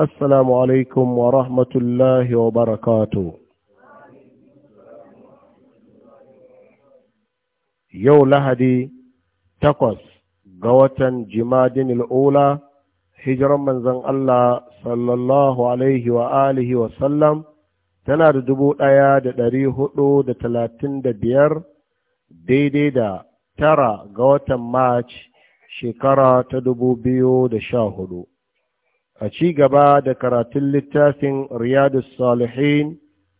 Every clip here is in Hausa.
السلام عليكم ورحمة الله وبركاته يو لهدي تقص قوة جماد الأولى hijiran manzon Allah sallallahu alaihi wa alihi wa tana dubu ɗaya da ɗari hudu da talatin da biyar daidai da tara ga watan March shekara ta dubu biyu da sha hudu. a ci gaba da karatun littafin riyadus salihin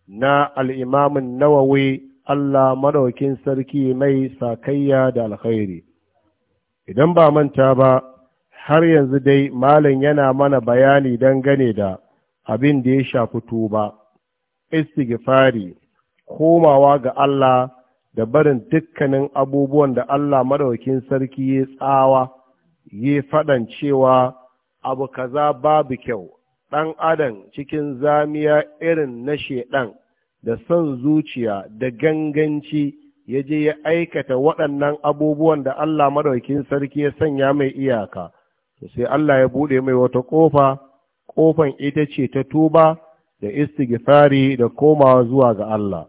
na al'imamin nawawi Allah maɗaukin sarki mai sakayya da alkhairi. Idan ba manta ba, har yanzu dai Malam yana mana bayani dangane da abin da ya fito ba istighfari, komawa ga Allah da barin dukkanin abubuwan da Allah maɗaukin sarki ya tsawa, ya faɗan cewa abu kaza babu kyau ɗan adam cikin zamiya irin na shaiɗan da son zuciya da ganganci ya je ya aikata waɗannan abubuwan da Allah maɗaukin sarki ya sanya mai iyaka to sai Allah ya buɗe mai wata ƙofa ƙofan ita ce ta tuba da istighfari da komawa zuwa ga Allah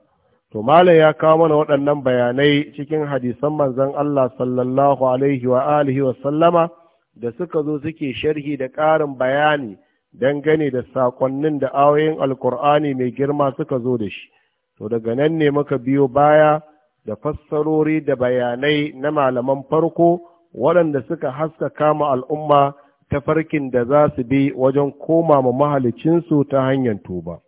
to malam ya kawo mana waɗannan bayanai cikin hadisan manzon Allah sallallahu alaihi wa alihi wa sallama da suka zo suke sharhi da ƙarin bayani dangane da saƙonnin da ayoyin alkur'ani mai girma suka zo da shi to daga nan ne muka biyo baya da fassarori da bayanai na malaman farko waɗanda suka haskaka ma al'umma ta farkin da za su bi wajen koma ma mahalicinsu ta hanyar tuba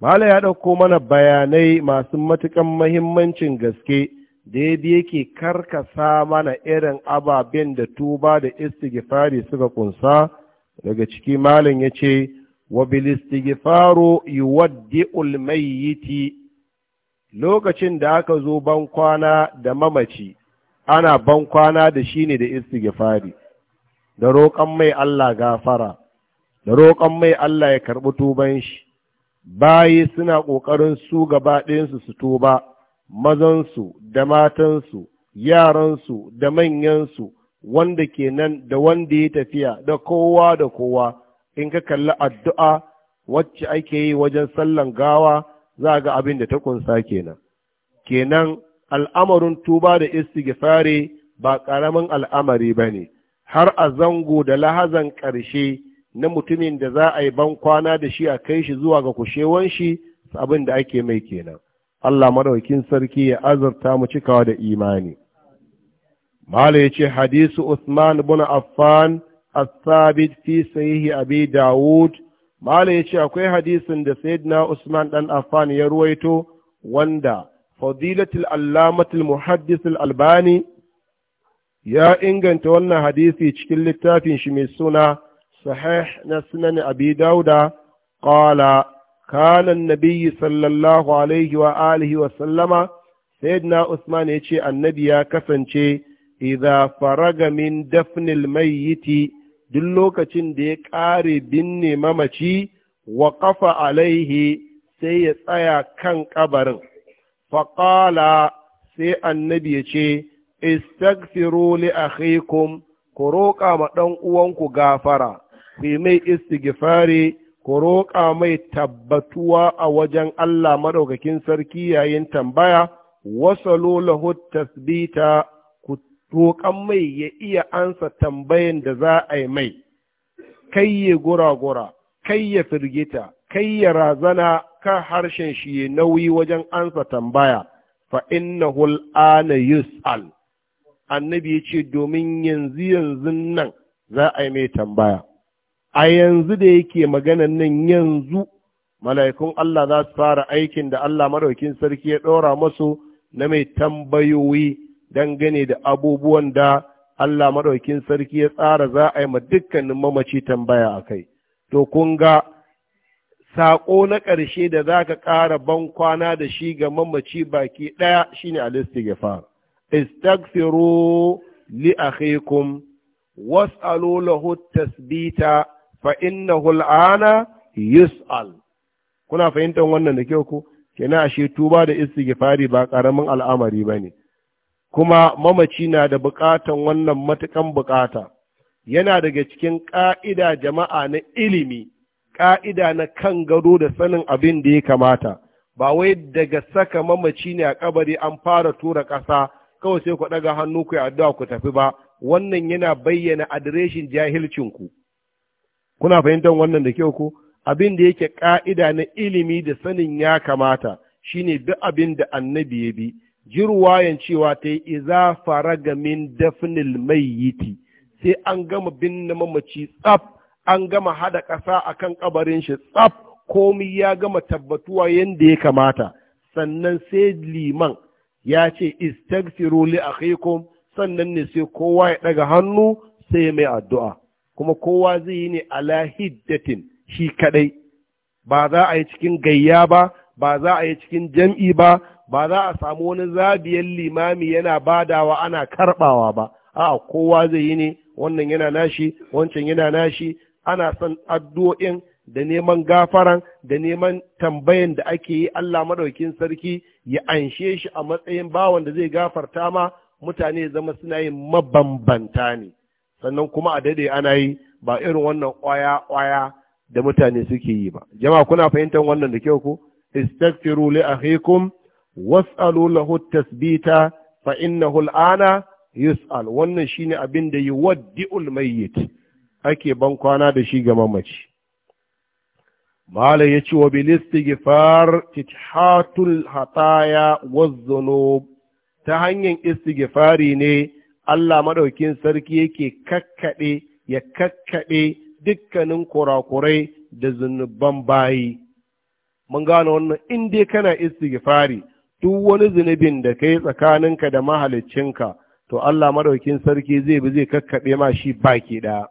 mala ya ɗauko mana bayanai masu matuƙan mahimmancin gaske daidai yake karkasa mana irin ababen da tuba da istighfari suka kunsa daga ciki malin ya ce wa bil istighfaru yuwaddi'ul mayyiti lokacin da aka zo ban da mamaci ana ban kwana da shi ne da istighfari da roƙon mai Allah gafara da roƙon mai Allah ya karɓi tuban shi bayi suna ƙoƙarin su gaba ɗayansu su tuba mazansu da matansu yaransu da manyansu wanda ke nan da wanda ya tafiya da kowa da kowa in ka kalli addu'a wacce ake yi wajen sallan gawa za ga abin da ta kunsa kenan kenan al'amarin tuba da istighfari ba ƙaramin al'amari ba ne har a zango da lahazan ƙarshe na mutumin da za a yi ban kwana da shi a kai shi zuwa ga kushewan shi abin da ake mai kenan Allah madaukin sarki ya azurta mu cikawa da imani mala ce hadisu Usman bin Affan as-sabit fi sahih Abi Dawud mala ce akwai hadisin da Sayyidina Usman ɗan Affan ya ruwaito wanda fadilatul allamatul muhaddis al-albani ya inganta wannan hadisi cikin littafin shi mai suna sahih na sunan abi Dawuda qala kana annabi sallallahu alaihi wa alihi wa sallama sayyidina usman ya ce annabi ya kasance idza faraga min dafnil mayyiti duk lokacin da ya ƙare binne mamaci wa kafa alaihi sai ya tsaya kan kabarin faƙala sai annabi ya ce istagfiru li akhikum ku roƙa ma ɗan uwanku gafara ku mai istighfari ku roƙa mai tabbatuwa a wajen Allah madaukakin sarki yayin tambaya wasu lahu tasbita ku roƙan mai ya iya ansa tambayan da za a yi mai kai ya gura-gura kai ya firgita kai ya razana kan harshen shi ya nauyi wajen ansa tambaya fa innahu al'ana yus'al annabi ya ce domin yanzu yanzu nan za a yi mai tambaya a yanzu da yake maganan nan yanzu mala'ikun Allah za su fara aikin da Allah maraukin sarki ya ɗora masu na mai tambayoyi dangane da abubuwan da Allah maraukin sarki ya tsara za a yi ma dukkanin mamaci tambaya a kai. To, kun ga saƙo na ƙarshe da za ka ƙara ban kwana da shi ga mamaci baki ɗaya shi ne alistighfar. Istagfiru li akhikum was'alu lahu tasbita fa innahu al'ana yus'al kuna fahimtar wannan da kyau ko kenan ashe tuba da istighfari ba karamin al'amari bane kuma mamaci na da bukatan wannan matukan bukata yana daga cikin ka'ida jama'a na ilimi ka'ida na kan gado da sanin abin da ya kamata ba wai daga saka mamaci ne a kabari an fara tura ƙasa kawai sai ku ɗaga hannu ku yi addu'a ku tafi ba wannan yana bayyana adireshin jahilcinku ku kuna fahimtar wannan da kyau ko abin da yake ka'ida na ilimi da sanin ya kamata shine duk abin da annabi ya bi jirwayan cewa ta yi iza faraga min mai mayyiti sai an gama binne mamaci tsaf an gama hada ƙasa akan kabarin shi tsaf komi ya gama tabbatuwa yadda ya kamata sannan sai liman ya ce istagfiru li akhikum sannan ne sai kowa ya daga hannu sai mai addu'a kuma kowa zai yi ne ala hiddatin shi kadai ba za a yi cikin gayya ba ba za a yi cikin jam'i ba ba za a samu wani zabiyan limami yana badawa ana karbawa ba a'a kowa zai yi ne wannan yana nashi wancan yana nashi ana son addu'o'in da neman gafaran da neman tambayan da ake yi Allah maɗaukin sarki ya anshe shi a matsayin bawan da zai gafarta ma mutane zama suna yin mabambanta ne sannan kuma a dade ana yi ba irin wannan ƙwaya-ƙwaya da mutane suke yi ba jama'a kuna fahimtar wannan da kyau ko istaghfiru li akhikum was'alu lahu tasbita fa innahu al'ana yus'al wannan shine abin da yuwaddi'ul mayyit ake ban kwana da shi ga mamaci mala yace wa bil istighfar tithatul hataya waz ta hanyar istighfari ne Allah maɗaukin sarki yake kakkaɗe ya kakkaɗe dukkanin kurakurai da zunuban bayi. Mun gano wannan in dai kana istighfari duk wani zunubin da kai tsakaninka da mahaliccinka to Allah maɗaukin sarki zai bi zai kakkaɓe ma shi baki ɗaya.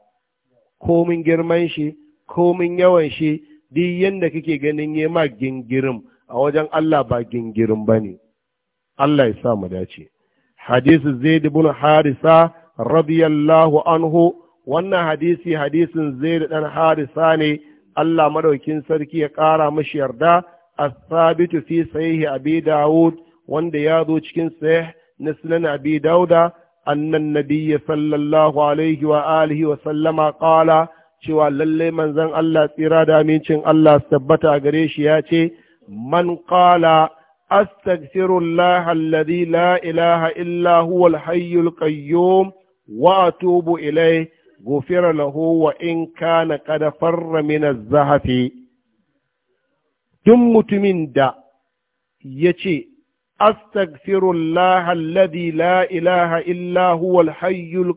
Komin girman shi, komin yawan shi, duk yadda kake ganin ya ma gingirim a wajen Allah ba gingirim ba ne. Allah ya sa mu dace. hadisi zaid ibn harisa radiyallahu anhu wannan hadisi hadisin zaid dan harisa ne Allah maɗaukin sarki ya ƙara mashi yarda as-sabitu fi sahihi abi daud wanda ya zo cikin sahih na sunan abi dauda annan nabiyya sallallahu alaihi wa alihi wa sallama qala cewa lallai manzon Allah tsira da amincin Allah tabbata a gare shi ya ce man qala أستغفر الله الذي لا إله إلا هو الحي القيوم وأتوب إليه غفر له وإن كان قد فر من الزهف duk mutumin da ya ce, Astagfirullah alladhi la ilaha illa huwal hayyul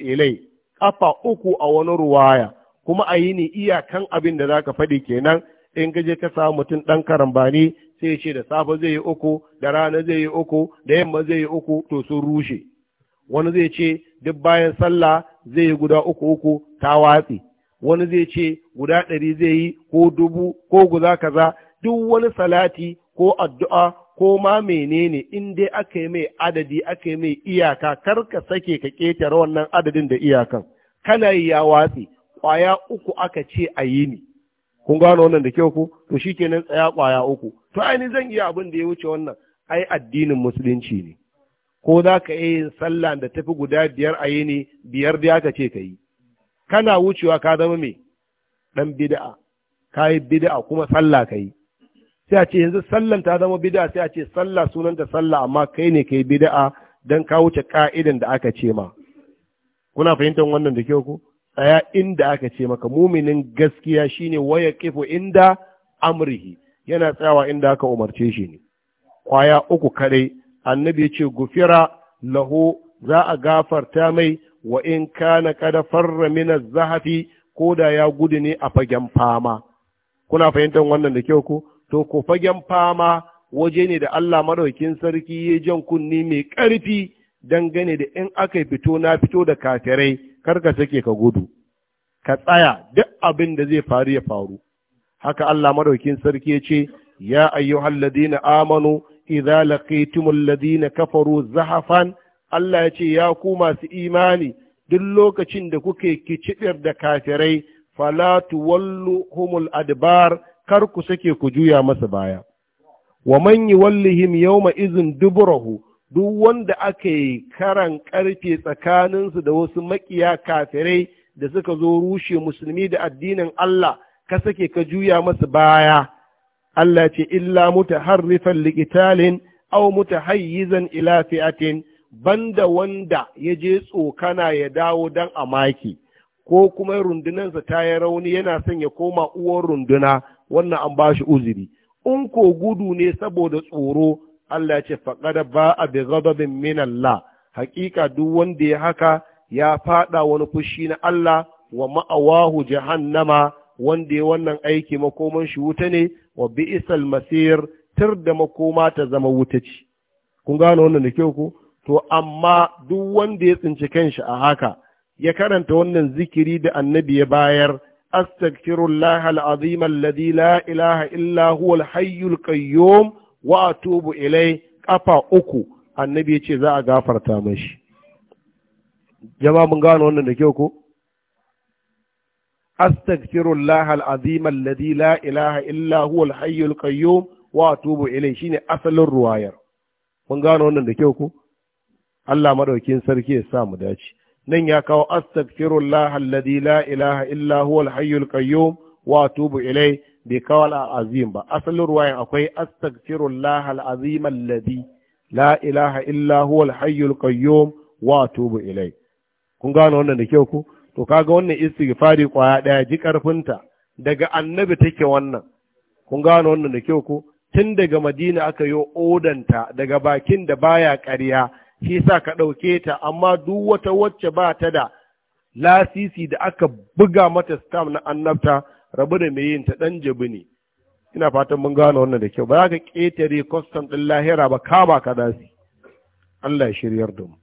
ilai, ƙafa uku a wani ruwaya, kuma a yi ni iyakan abin da za ka faɗi kenan in gaje ka samu mutum ɗan karambani sai ce da safe zai yi uku da rana zai yi uku da yamma zai yi uku to sun rushe wani zai ce duk bayan sallah zai yi guda uku uku ta watsi wani zai ce guda ɗari zai yi ko dubu ko guza kaza duk wani salati ko addu'a ko ma menene in dai aka yi mai adadi aka yi mai iyaka kar ka sake ka ƙetare wannan adadin da iyakan kana yi ya watsi Kwaya uku aka ce a yi ni kun gano wannan da kyau ko to shikenan tsaya kwaya uku to ai ni zan iya abin da ya wuce wannan ai addinin musulunci ne ko za ka iya yin sallah da tafi guda biyar a yini biyar da aka ce ka yi kana wucewa ka zama me dan bid'a ka yi bid'a kuma sallah ka yi sai a ce yanzu sallan ta zama bid'a sai a ce sallah sunanta sallah amma kai ne ka yi bid'a dan ka wuce ka'idan da aka ce ma kuna fahimtar wannan da kyau ko tsaya inda aka ce maka muminin gaskiya shine waya kifo inda amrihi yana tsayawa inda aka umarce shi ne kwaya uku kare annabi ce gufira laho. za a gafarta mai wa in kana kada farra min zahafi ko da ya gudu ne a fagen fama kuna fahimtar wannan da kyau ko to ko fagen fama waje ne da Allah madaukin sarki ya jan kunni mai ƙarfi dangane da in aka fito na fito da kafirai Kar ka sake ka gudu ka tsaya duk abin da zai faru ya faru haka Allah madaukin sarki ya ce ya ayyuhal ladina amanu idza laqitumul ladina kafaru zahafan Allah ya ce ya ku masu imani duk lokacin da kuke kicibir da kafirai fala Humul, adbar kar ku sake ku juya masa baya wa man wallihim yawma izin duburahu duk wanda aka yi karan karfe tsakaninsu da wasu makiya kafirai da suka zo rushe musulmi da addinin Allah ka sake ka juya masu baya Allah ce illa mutaharrifan liqitalin aw mutahayyizan ila fi'atin banda wanda ya je tsokana ya dawo dan amaki ko kuma rundunansa ta yi rauni yana son ya koma uwar runduna wannan an ba shi uzuri in ko gudu ne saboda tsoro Allah ya ce ba a bi ghadabin min Allah haƙiƙa duk wanda ya haka ya faɗa wani fushi na Allah wa ma'awahu jahannama wanda ya wannan aiki makoman shi wuta ne wa isal masir tir da makoma ta zama wuta ce kun gane wannan da kyau ku. to amma duk wanda ya tsinci kanshi a haka ya karanta wannan zikiri da annabi ya bayar astaghfirullah alazim alladhi la ilaha illa huwa alhayyul qayyum wa atubu ilai kafa uku annabi ya ce za a gafarta mashi jama'a mun gano wannan da kyau ko astaghfirullah alazim alladhi la ilaha illa huwa alhayyul qayyum wa atubu ilai shine asalin ruwayar mun gano wannan da kyau ko Allah madaukin sarki ya sa mu dace nan ya kawo astaghfirullah alladhi la ilaha illa huwa alhayyul qayyum wa atubu ilai bai kawal al'azim ba asalin ruwayan akwai astaghfirullah al'azim alladhi la ilaha illa huwa alhayyul qayyum wa atubu ilai kun gano wannan da kyau ku to kaga wannan istighfari kwaya daya ji karfinta daga annabi take wannan kun gano wannan da kyau ku tun daga madina aka yi odanta daga bakin da baya ƙarya shi sa ka ɗauke ta amma duk wata wacce ba ta da lasisi da aka buga mata stam na annabta rabu da mai yin ta ɗan jabi ne ina fatan mun gano wannan da kyau ba za ka ƙetare kwastam ɗin lahira ba ka ba ka dasi Allah ya shiryar da mu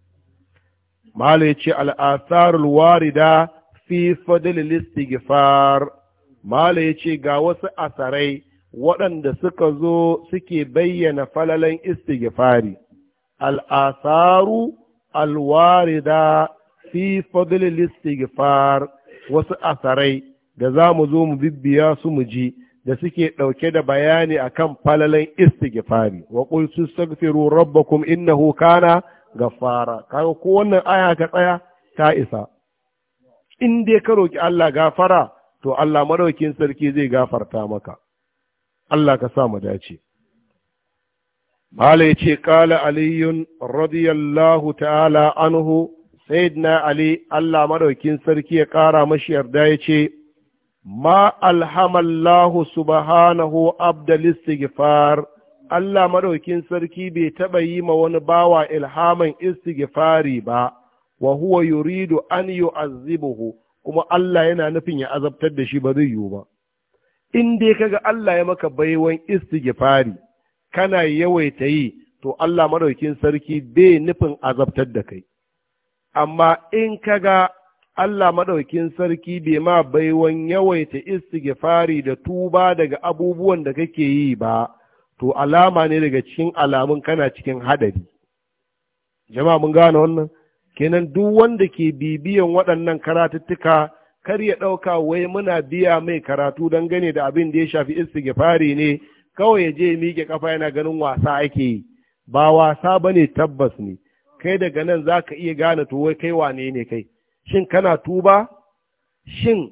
malu ya ce al'asarul warida fi listi gifar. Malu ya ce ga wasu asarai waɗanda suka zo suke bayyana falalan istigifari al'asaru alwarida fi listi gifar wasu asarai da za mu zo mu bibbiya su mu ji da suke ɗauke da bayani akan falalan istighfari wa qul tastaghfiru rabbakum innahu kana ghaffara kaga ko wannan aya ta tsaya ta isa in dai ka roki Allah gafara to Allah madaukin sarki zai gafarta maka Allah ka sa mu dace Malai ce, Kala Aliyun radiyallahu ta'ala anhu, Sayyidina Ali, Allah maɗaukin sarki ya ƙara mashi yarda ya ce, ma alhamallahu subhanahu abdal istighfar Allah madaukin sarki bai taɓa yi ma wani bawa ilhaman istighfari ba wa huwa yuridu an yu'azzibuhu kuma Allah yana nufin ya azabtar da shi ba zai yiwu ba in dai kaga Allah ya maka baiwan istighfari kana yawaita yi to Allah madaukin sarki bai nufin azabtar da kai amma in kaga Allah maɗaukin sarki bai ma baiwan yawaita istighfari da tuba daga abubuwan da kake yi ba, to alama ne daga cikin alamun kana cikin hadari. Jama'a mun gane wannan, kenan duk wanda ke bibiyan waɗannan karatuttuka kar ya ɗauka wai muna biya mai karatu don gane da abin da ya shafi istighfari ne, kawai ya je miƙe kafa yana ganin wasa ake yi, ba wasa ba ne tabbas ne, kai daga nan za ka iya gane to wai kai wane ne kai. shin kana tuba shin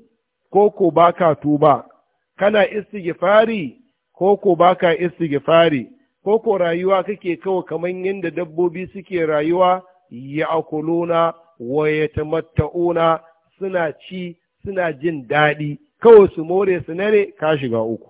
koko baka tuba kana istighfari koko baka istighfari koko rayuwa kake kawo kaman yanda dabbobi suke rayuwa ya akuluna wa yatamatta'una suna ci suna jin daɗi kawai su more su nare ka shiga uku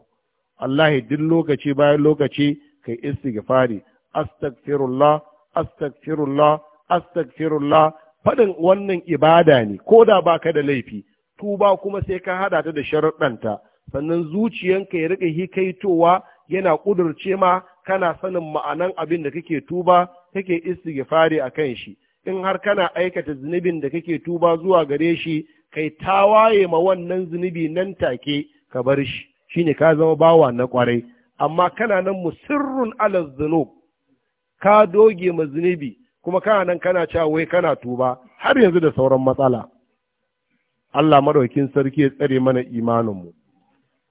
wallahi duk lokaci bayan lokaci kai istighfari astaghfirullah astaghfirullah astaghfirullah faɗin wannan ibada ne ko da ba ka da laifi tuba kuma sai ka haɗa ta da sharaɗanta sannan zuciyanka ya riƙa hikaitowa yana ƙudurce ma kana sanin ma'anan abin da kake tuba kake istighfari a kan shi in har kana aikata zunubin da kake tuba zuwa gare shi kai ta waye ma wannan zunubi nan take ka bar shi Shi ne ka zama bawa na kwarai amma kana nan musirrun ala zunub ka doge ma zunubi kuma kana nan kana cewa wai kana tuba har yanzu da sauran matsala Allah madaukin sarki ya tsare mana imaninmu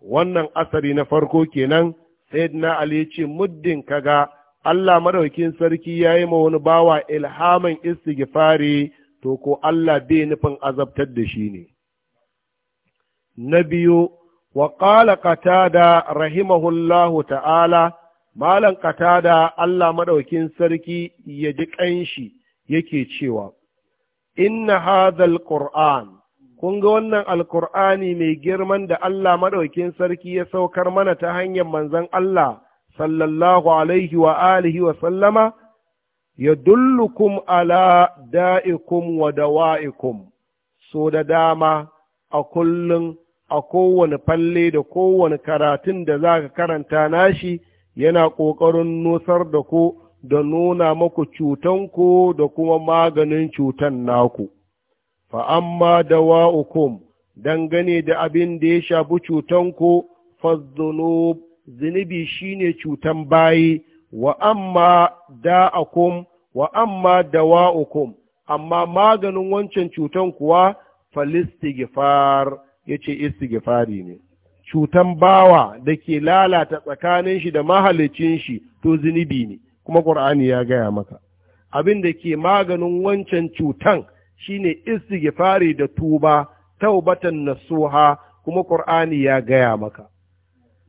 wannan asari na farko kenan sayyidina Ali ya ce muddin kaga Allah madaukin sarki ya yi ma wani bawa ilhamin istighfari to ko Allah bai nufin azabtar da shi ne na biyu wa qala qatada rahimahullahu ta'ala Malam Katada Allah maɗaukin sarki ya ji ƙanshi yake cewa, Inna hadhal Qur'an, kun ga wannan Alƙur'ani mai girman da Allah maɗaukin sarki ya saukar mana ta hanyar manzon Allah sallallahu alaihi wa alihi wa sallama, ya dullukum ala da'ikum wa dawa'ikum, so da dama a kullum a kowane falle da kowane karatun da za ka karanta nashi. yana ƙoƙarin nosar da ku da nuna maku cutanku da kuma maganin cutan naku. Fa'amma da wa'ukum dangane da abin da ya shafi cutanku fazzunub zunubi ne cutan bayi wa amma akum, wa amma wa’ukum, amma maganin wancan cutan kuwa falistigifar yace istigifari ne cutan bawa da ke lalata tsakanin shi da mahalicin shi to zunubi ne kuma ƙur'ani ya gaya maka abin da ke maganin wancan cutan shine istighfari da tuba taubatan nasuha kuma ƙur'ani ya gaya maka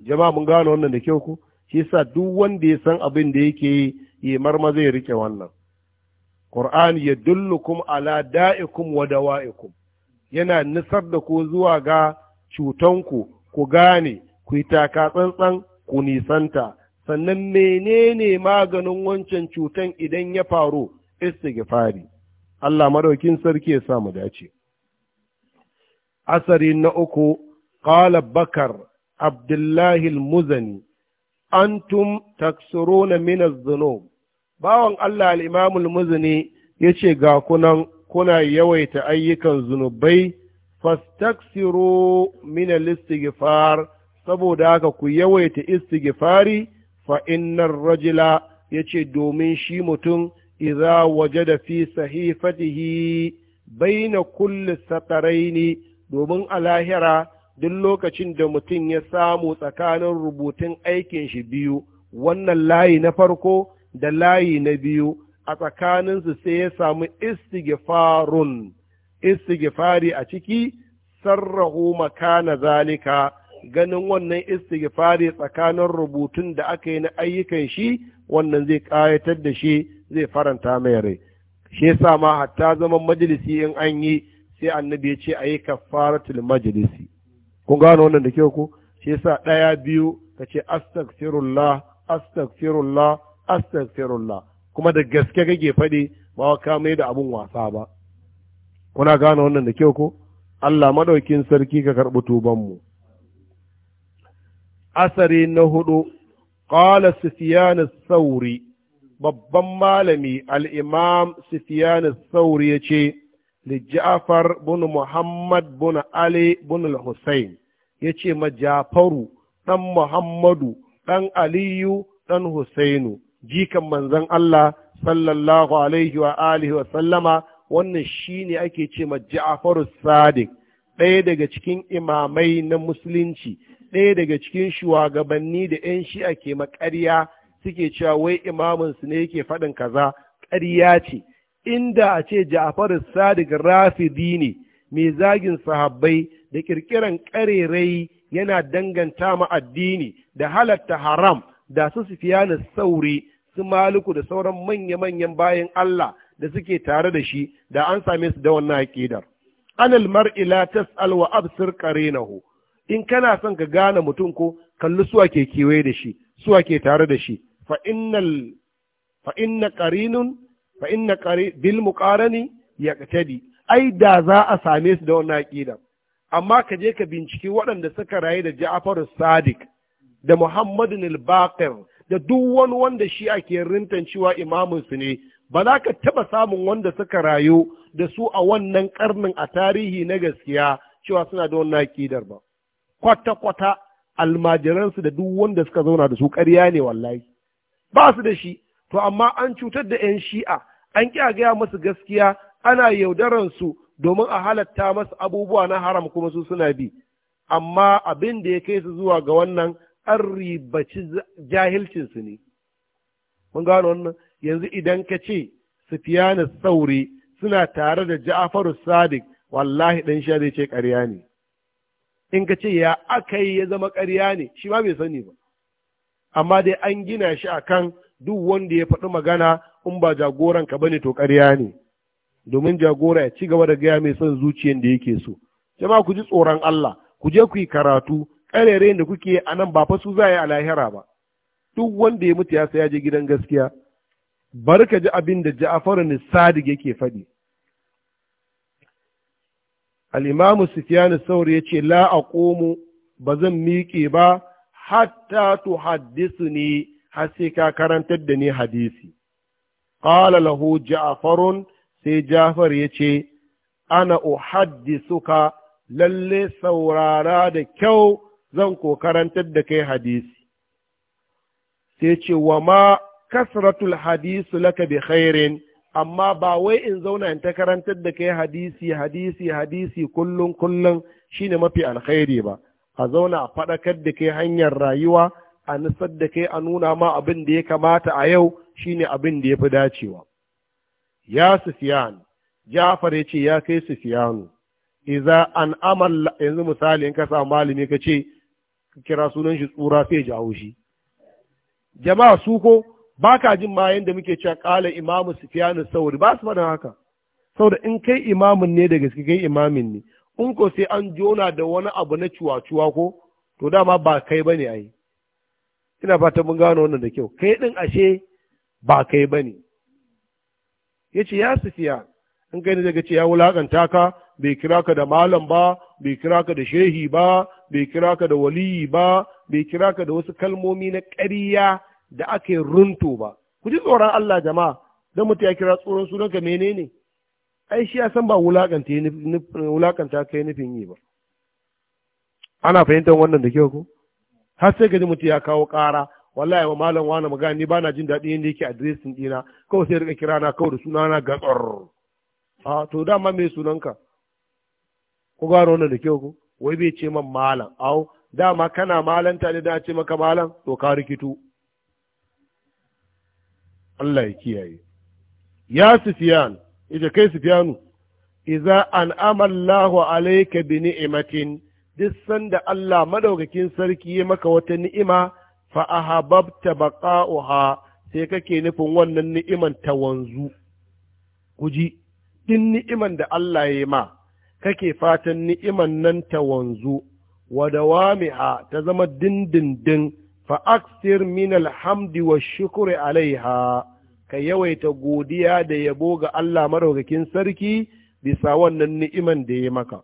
jama'a mun gano wannan da kyau ku shi yasa duk wanda ya san abin da yake yi ya marma zai rike wannan Ƙur'ani ya dullukum ala da'ikum wa dawa'ikum yana nisar da ku zuwa ga cutanku ku gane ku yi taka tsantsan ku nisanta sannan menene maganin wancan cutan idan ya faru istighfari Allah madaukin sarki ya sa mu dace asari na uku kala bakar abdullahi al-muzani antum taksuruna min az-zunub bawan Allah al-imam al-muzani yace ga kunan kuna yawaita ayyukan zunubai fastaksiru min al-istighfar saboda haka ku yawaita istighfari fa innar rajula yace domin shi mutum idza wajada fi sahifatihi baina kulli sataraini domin al'ahira duk lokacin da mutum ya samu tsakanin rubutun aikin shi biyu wannan layi na farko da layi na biyu a tsakaninsu sai ya samu istighfarun istighfari a ciki sarrahu makana zalika ganin wannan istighfari tsakanin rubutun da aka yi na ayyukan shi wannan zai ƙayatar da shi zai faranta mai rai shi yasa ma hatta zaman majalisi in an yi sai annabi ya ce a yi kafaratul majalisi kun gano wannan da kyau ko shi yasa ɗaya biyu ka ce astaghfirullah astaghfirullah astaghfirullah kuma da gaske kake faɗi ba ka mai da abun wasa ba kuna gane wannan da kyau ko Allah madaukin sarki ka karɓi mu. asari na hudu ƙala sufyan sauri babban malami al-imam sufyan sauri yace li ja'far bin muhammad bin ali bin al-husayn yace ma ja'faru dan muhammadu ɗan aliyu ɗan husainu jikan manzon Allah sallallahu alaihi wa alihi wa sallama wannan shine ake ce ma Ja'faru Sadiq ɗaya daga cikin imamai na musulunci ɗaya daga cikin shugabanni da 'yan shi'a ke maƙarya suke cewa wai imaminsu ne yake faɗin kaza ƙarya ce inda a ce Ja'faru Sadiq Rafidi ne mai zagin sahabbai da kirkiran ƙarerai yana danganta ma addini da halatta haram da su Sufyanu Sauri su Maliku da sauran manya-manyan bayan Allah da suke tare da shi da an same su da wannan aƙidar anal mar'i la tas'al wa absir qarinahu in kana son ka gane mutum ko kalli suwa ke kewaye da shi suwa ke tare da shi fa innal fa inna qarinun fa inna qari bil muqarani yaqtadi ai da za a same su da wannan aƙidar. amma ka je ka binciki waɗanda suka rayu da Ja'far Sadiq da Muhammad al-Baqir da duk wani wanda shi ake rintancewa imamin su ne ba za ka taɓa samun wanda suka rayu da su a wannan karnin a tarihi na gaskiya cewa suna da wannan akidar ba kwata-kwata almajiransu da duk wanda suka zauna da su ƙarya ne wallahi ba su da shi to amma an cutar da 'yan shi'a an ƙi gaya masu gaskiya ana su domin a halatta masu abubuwa na haram kuma su suna bi amma abin da ya kai su zuwa ga wannan an ribaci jahilcinsu ne mun gano wannan yanzu idan ka ce sufiyanu sauri suna tare da ja'faru sadiq wallahi dan sha zai ce ƙarya ne in ka ce ya akai ya zama ƙarya ne shi ma bai sani ba amma dai an gina shi akan duk wanda ya faɗi magana in ba jagoran ka bane to ƙarya ne domin jagora ya ci gaba da gaya mai son zuciyar da yake so jama'a ku ji tsoron Allah ku je ku yi karatu ƙarerayen da kuke a nan ba fa su za a yi a lahira ba duk wanda ya mutu ya sai ya je gidan gaskiya Barka ji abin da Ja'far Sadiq yake faɗi al-Imam Sufyan al yace la aqumu bazan miƙe ba hatta tuhaddisuni har sai ka karantar da ni hadisi qala lahu Ja'far sai Ja'far yace ana uhaddisuka lalle saurara da kyau zan ko karantar da kai hadisi sai ce wa ma kasratul hadisu laka bi khairin amma ba wai in zauna in ta karantar da kai hadisi hadisi hadisi kullum kullum shine mafi alkhairi ba a zauna a faɗakar da kai hanyar rayuwa a nisar da kai a nuna ma abin da ya kamata a yau shine abin da ya dacewa ya sufyan jafar ya ce ya kai sufiyanu iza an amalla yanzu misali in ka samu malami ka ce kira sunan shi tsura sai ji haushi jama'a su ko ba ka jin ma yadda muke cewa ƙala imamu ni sauri ba su faɗin haka saboda in kai imamin ne da gaske kai imamin ne in ko sai an jona da wani abu na cuwa-cuwa ko to dama ba kai ba ne ai ina fata mun gano wannan da kyau kai ɗin ashe ba kai ba ne ya ce ya fiya in kai ne daga ce ya wulakanta ka bai kira ka da malam ba bai kira ka da shehi ba bai kira ka da waliyi ba bai kira ka da wasu kalmomi na ƙarya da aka yi runto ba ku ji tsoron Allah jama'a don mutu ya kira tsoron sunanka menene ai shi ya san ba wulakanta kai nufin yi ba ana fahimtar wannan da kyau ko har sai ji mutu ya kawo ƙara wallahi ma malam wani magana ni bana jin daɗi yadda yake adiresin ɗina kawai sai rika kira na kawai da suna na gatsar a to dama me sunanka ku gano wannan da kyau ko wai bai ce man malam au dama kana malanta ne da ce maka malam to ka rikitu Allah ya kiyaye ya sufiyan ita kai sufiyanu iza an amallahu alayka bi ni'matin duk sanda Allah madaukakin sarki ya maka wata ni'ima fa ahabbta baqa'uha sai kake nufin wannan ni'iman ta wanzu kuji din ni'iman da Allah ya ma kake fatan ni'iman nan ta wanzu wa dawamiha ta zama dindindin fa'aksir min alhamdi wa shukuri alaiha ka yawaita godiya da yabo ga Allah maraukakin sarki bisa wannan ni'iman da ya maka.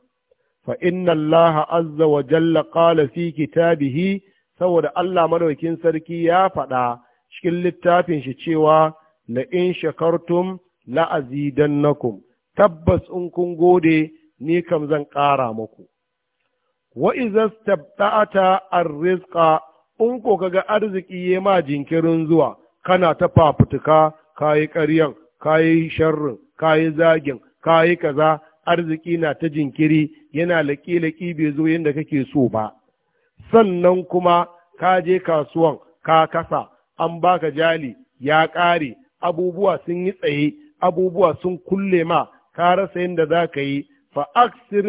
Fa inna Allah azza wa jalla qala kitabihi saboda Allah maraukakin sarki ya faɗa cikin littafin shi cewa la in shakartum la azidannakum tabbas in kun gode ni kam zan ƙara maku. Wa iza stabta'ata ar in ko ka ga arziki ya ma jinkirin zuwa kana ta fafutuka Ka kayi ƙaryan yi sharrin Ka yi zagin Ka kayi kaza arziki na ta jinkiri yana laƙi-laƙi bai zo yadda kake so ba sannan kuma ka je kasuwan ka kasa an baka jali ya ƙare abubuwa sun yi tsaye abubuwa sun kulle ma ka rasa yadda za ka yi fa aksir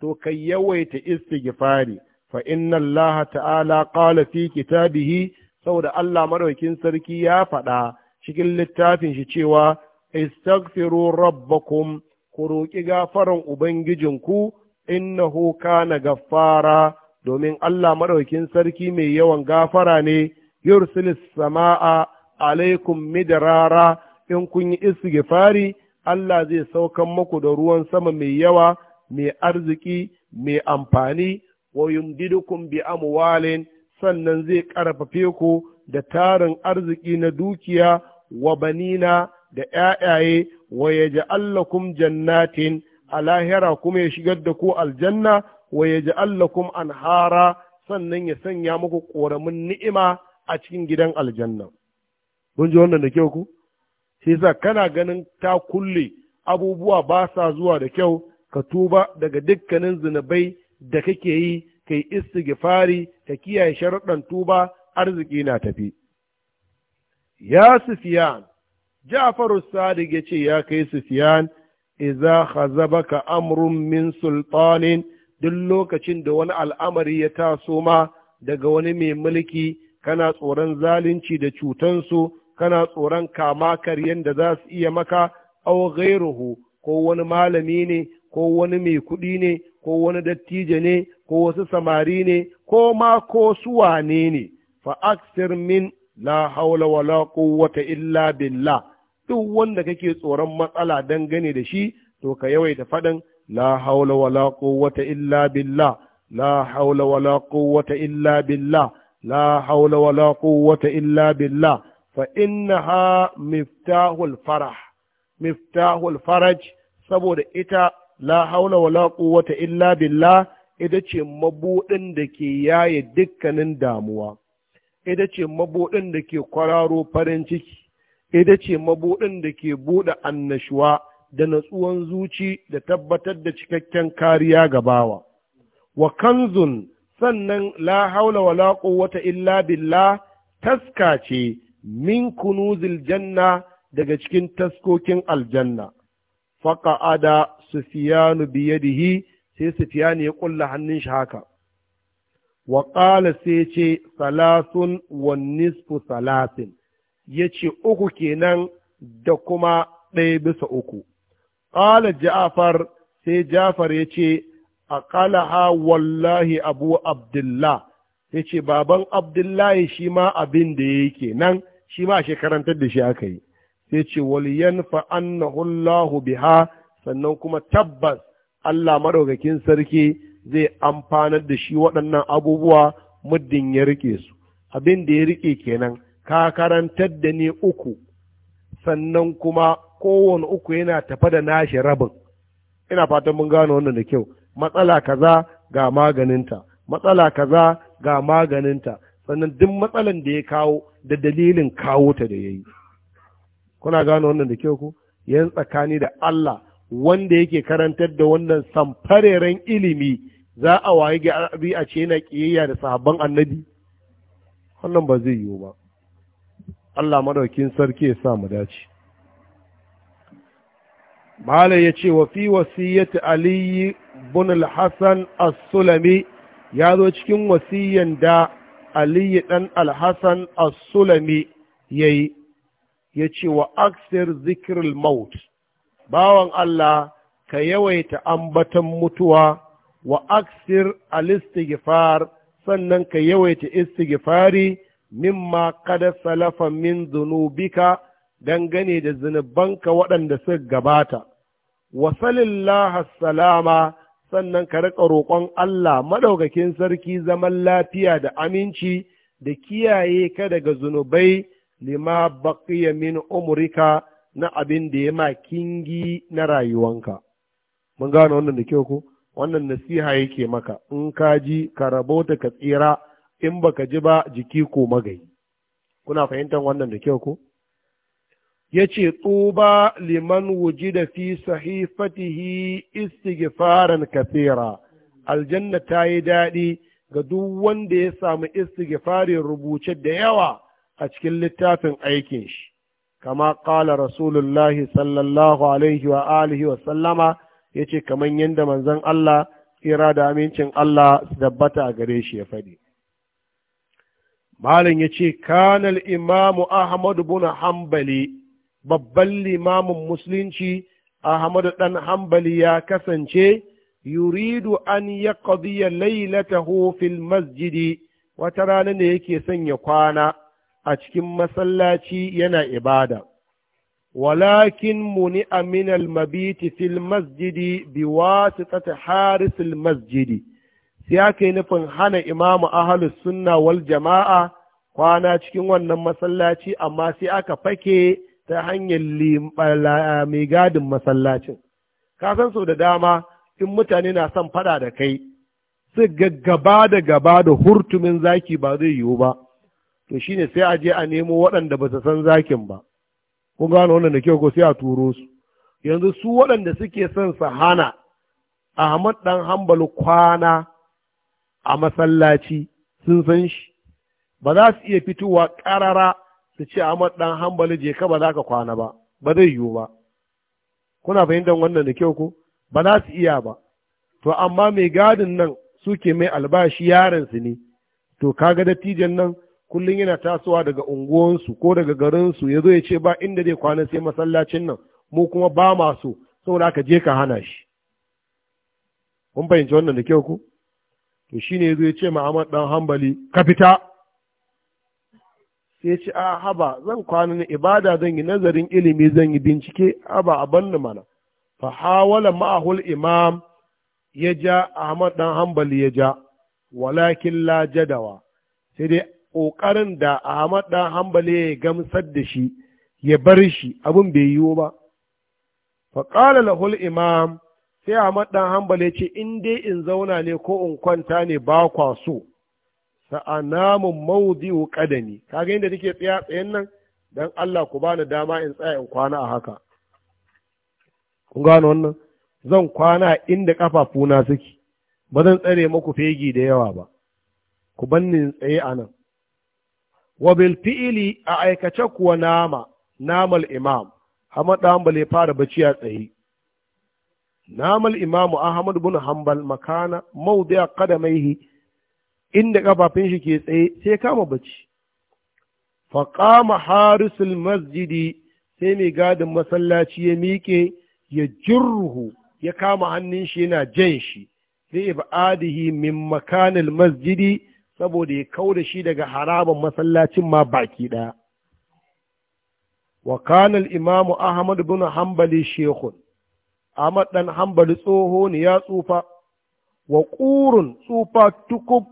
to ka yawaita istighfari fa inna Allah ta'ala qala fi kitabihi saboda Allah madaukin sarki ya faɗa cikin littafin shi cewa istaghfiru rabbakum ku roƙi gafaran ubangijinku innahu kana gaffara domin Allah madaukin sarki mai yawan gafara ne yursilis sama'a alaikum rara. in kun yi fari. Allah zai saukan muku da ruwan sama mai yawa mai arziki mai amfani wa yumdidukum bi amwalin sannan zai ƙarfafe ku da tarin arziki na dukiya wa banina da ƴaƴaye wa yaj'al lakum jannatin alahira kuma ya shigar da ku aljanna wa yaj'al lakum anhara sannan ya sanya muku ƙoramin ni'ima a cikin gidan aljanna kun ji wannan da kyau ku sai sa kana ganin ta kulle abubuwa ba sa zuwa da kyau ka tuba daga dukkanin zinabai da kake yi kai istighfari ka kiyaye sharuɗan tuba arziki na tafi ya sufiyan ja'faru sadiq ce ya kai sufiyan idza ka amrun min sultanin duk lokacin da wani al'amari ya taso ma daga wani mai mulki kana tsoron zalunci da cutansu kana tsoron kama karyan da za su iya maka au gairuhu ko wani malami ne ko wani mai kuɗi ne ko wani dattijo ne ko wasu samari ne ko ma ko su wane ne fa aksir min la haula wala quwwata illa billah duk wanda kake tsoron matsala dangane da shi to ka yawaita faɗin la haula wala quwwata illa billah la haula wala quwwata illa billah la haula wala quwwata illa billah fa innaha miftahul farah miftahul faraj saboda ita la haula wala quwwata illa billah ita ce mabudin da ke yaye dukkanin damuwa ita ce mabudin da ke kwararo farin ciki ita ce mabudin da ke buɗe annashuwa da natsuwan zuci da tabbatar da cikakken kariya ga bawa wa kanzun sannan la haula wala quwwata illa billah taska ce min kunuzil janna daga cikin taskokin aljanna faqa'ada sufiyanu biyadihi sai sufiyanu ya kulla hannun shi haka wa qala sai ce salasun wa nisfu salasin yace uku kenan da kuma ɗaya bisa uku qala ja'far sai ja'far yace aqalaha wallahi abu abdullah yace baban abdullahi shi ma abin da yake nan shi ma shekarantar da shi aka yi sai ce waliyan fa annahu Allahu biha sannan kuma tabbas Allah maɗaukakin sarki zai amfanar da shi waɗannan abubuwa muddin ya rike su abin da ya rike kenan ka karantar da ni uku sannan kuma kowane uku yana tafa da nashi rabin ina fatan mun gano wannan da kyau matsala kaza ga maganinta matsala kaza ga maganinta sannan duk matsalan da ya kawo da dalilin kawo ta da ya yi kuna gano wannan da kyau ku yan tsakani da Allah wanda yake karantar da wannan samfareren ilimi za a waye gari a ce yana kiyayya da sahabban annabi wannan ba zai yiwu ba Allah madaukin sarki ya sa mu dace Mahala ya ce wa fi wasiyyat Ali ibn al-Hasan as-Sulami ya zo cikin wasiyyan da Ali dan al-Hasan as-Sulami yayi ya ce wa aksir zikril maut bawan Allah ka yawaita ambatan mutuwa wa aksir alistighfar sannan ka yawaita istighfari mimma kada salafa min zunubika dangane da zunubanka waɗanda suka gabata wa sallallahu salama sannan ka riƙa roƙon Allah madaukakin sarki zaman lafiya da aminci da kiyaye ka daga zunubai lima baqiya min umrika na abin da ya ma kingi na rayuwanka mun gano wannan da kyau ko wannan nasiha yake maka in ka ji ka rabota ka tsira in ba ka ji ba jiki ko magai. kuna fahimtar wannan da kyau ko ya ce tsuba liman wuji da fi sahifatihi istighfaran kathira aljanna ta yi daɗi ga duk wanda ya samu istighfarin rubuce da yawa a cikin littafin aikin shi kama ƙala rasulullahi sallallahu alaihi wa alihi wa sallama ya ce kamar yadda manzon Allah tsira da amincin Allah su dabbata a gare shi ya faɗi. Malin ya ce, Kanal imamu Ahmadu buna hambali, babban limamin musulunci Ahmadu ɗan hambali ya kasance, yuridu an ya ƙaziyar lailata hofin masjidi, wata rana ne yake sanya kwana. a cikin masallaci yana ibada walakin muni aminal mabiti fil masjidi bi wasitati harisil masjidi sai aka yi nufin hana imamu ahalus sunna wal jama'a kwana cikin wannan masallaci amma sai aka fake ta hanyar mai gadin masallacin ka san sau da dama in mutane na son fada da kai su gaggaba da gaba da hurtumin zaki ba zai yiwu ba to shi ne sai a je a nemo waɗanda ba su san zakin ba kun gano wannan da kyau ko sai a turo su yanzu su waɗanda suke son su hana Ahmad ɗan Hambal kwana a masallaci sun san shi ba za su iya fitowa ƙarara su ce Ahmad ɗan Hambal je ka ba za ka kwana ba ba zai yiwu ba kuna fahimtar wannan da kyau ko ba za su iya ba to amma mai gadin nan suke mai albashi yaransu ne to kaga dattijan nan kullum yana tasowa daga unguwansu ko daga garinsu ya zo ya ce ba inda zai kwana sai masallacin nan mu kuma ba masu saboda aka je ka hana shi kun fahimci wannan da kyau ku to shi ne ya zo ya ce ma Ahmad dan hambali ka fita sai ce a ah, haba zan kwana na ibada zan yi nazarin ilimi zan yi bincike haba a banni mana fa hawala ma'ahul imam ya ja Ahmad dan hambali ya ja walakin la jadawa sai dai ƙoƙarin da Ahmad ɗan hambale ya gamsar da shi ya bar shi abin bai yiwu ba. Faƙala lahul imam sai Ahmad ɗan hambale ce in dai in zauna ne ko in kwanta ne ba kwa so. Sa'anamun maudi'u ƙadami, kaga inda nake tsaya tsayen nan don Allah ku bani dama in tsaya in kwana a haka. Kun gano wannan? Zan kwana inda ƙafafuna suke, ba zan tsare muku fegi da yawa ba. ku banni tsaye a nan wa bil fi'ili a aikace kuwa nama namal imam Ahmad Hanbal ya fara bacci a tsaye namal imamu Ahmad bin Hanbal makana mawdi'a qadamaihi inda kafafin shi ke tsaye sai kama bacci fa qama harisul masjidi sai mai gadin masallaci ya miƙe ya jirruhu ya kama hannun shi yana jan shi li ibadihi min makanil masjidi saboda ya kau da shi daga haraban masallacin ma baki ɗaya. wa kanal imamu ahmad bin hambali shekun ahmad ɗan hambali tsoho ne ya tsufa wa ƙurun tsufa tukub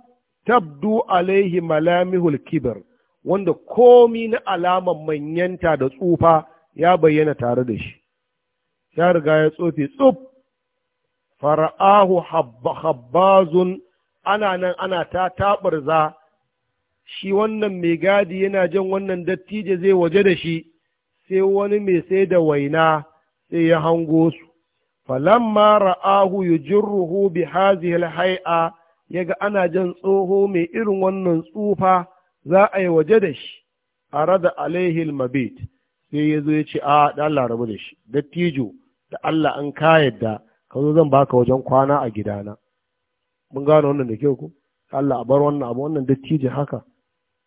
tabdu alaihi malamihul kibir wanda komi na alaman manyanta da tsufa ya bayyana tare da shi ya riga ya tsofi tsuf fara'ahu habbazun ana nan ana ta taɓarza shi wannan mai gadi yana jan wannan dattijo zai waje da shi sai wani mai sai da waina sai ya hango su falamma ra'ahu yujruhu bi hazihi alhay'a yaga ana jan tsoho mai irin wannan tsufa za a yi waje da shi arada alaihi almabit sai ya zo ya ce a da Allah rabu da shi dattijo da Allah an ka yadda ka zan baka wajen kwana a gidana mun gano wannan da kyau ko Allah a bar wannan abu wannan dattijin haka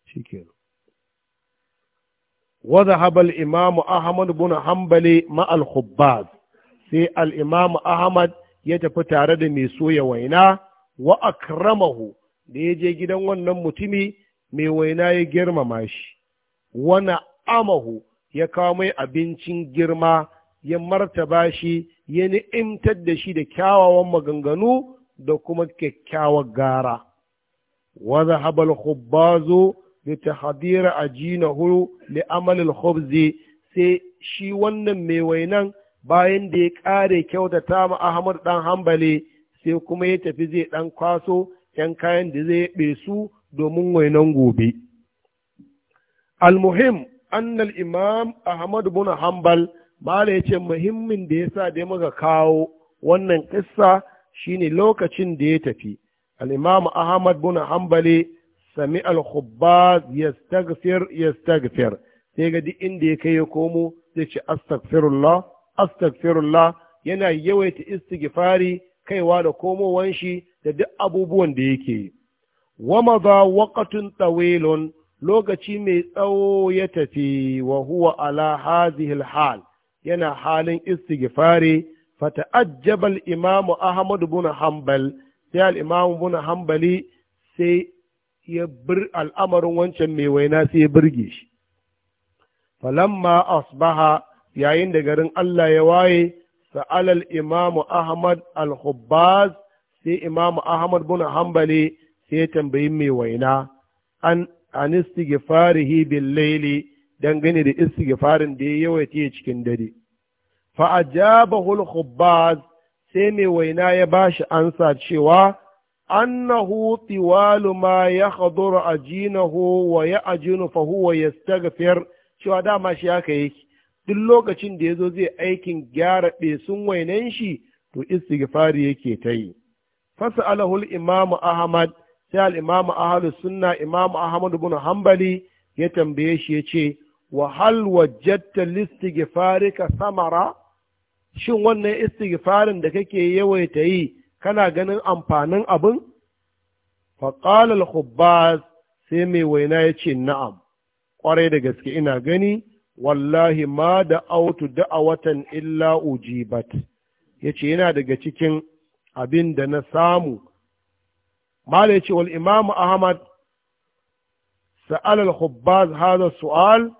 shi ke. shikenan وذهب الإمام أحمد بن حنبل sai al سي Ahmad ya tafi tare da mai soya waina wa akramahu da ya je gidan wannan mutumi mai waina ya girmama shi wana amahu ya kawo mai abincin girma ya martaba shi ya ni'imtar da shi da kyawawan maganganu da kuma kyakkyawar gara wadda habal khubbazo da ta hadira a jinahu li amalil khubzi sai shi wannan mai wainan bayan da ya kare kyautata ma Ahmad ɗan hambale sai kuma ya tafi zai ɗan kwaso ‘yan kayan da zai be su domin wainan gobe. Al Almuhim, annal imam Ahmad bin hambal mala ya ce muhimmin da yasa sa da muka kawo wannan ƙissa shine lokacin da ya tafi al’imamu ahmad bin Hambali, sami al-khubbaz yastagfir. stagfir sai ga duk inda ya kai ya komo zai ce astagfirullah astagfirullah yana yawaita istigifari kaiwa da komowanshi shi da duk abubuwan da yake yi wa madha waqtun tawilun lokaci mai tsawo ya tafi wa huwa ala hadhihi hal yana halin istigifari fata ajjabal imamu ahmadu bin hanbal sai al'imamu bin hanbali sai ya bir al'amarin wancan mai waina sai ya birge shi falamma asbaha yayin da garin Allah ya waye sa'alal imamu ahmad al-hubbaz sai imamu ahmad bin hanbali sai ya tambayi mai waina an an bil laili dangane da istighfarin da ya yawaita cikin dare fa ajabahul khubbaz sai mai waina ya bashi ansa cewa annahu tiwalu ma yahduru ajinahu wa ya'jinu fa huwa yastaghfir cewa ma shi haka yake duk lokacin da yazo zai aikin gyara besun wainan shi to istighfari yake ta yi fas'alahu al-imamu ahmad sai al-imamu ahlus sunna imam ahmad ibn hanbali ya tambaye shi yace wa hal wajadta listighfarika samara shin wannan istighfarin da kake yawaita yi kana ganin amfanin abin faƙalar al sai mai waina ya ce na'am ƙwarai da gaske ina gani wallahi ma da autu watan illa ujibat ya ce yana daga cikin abin da na samu mala ya ce wal imamu ahmad Sa'alal al-hubbaz hada su'al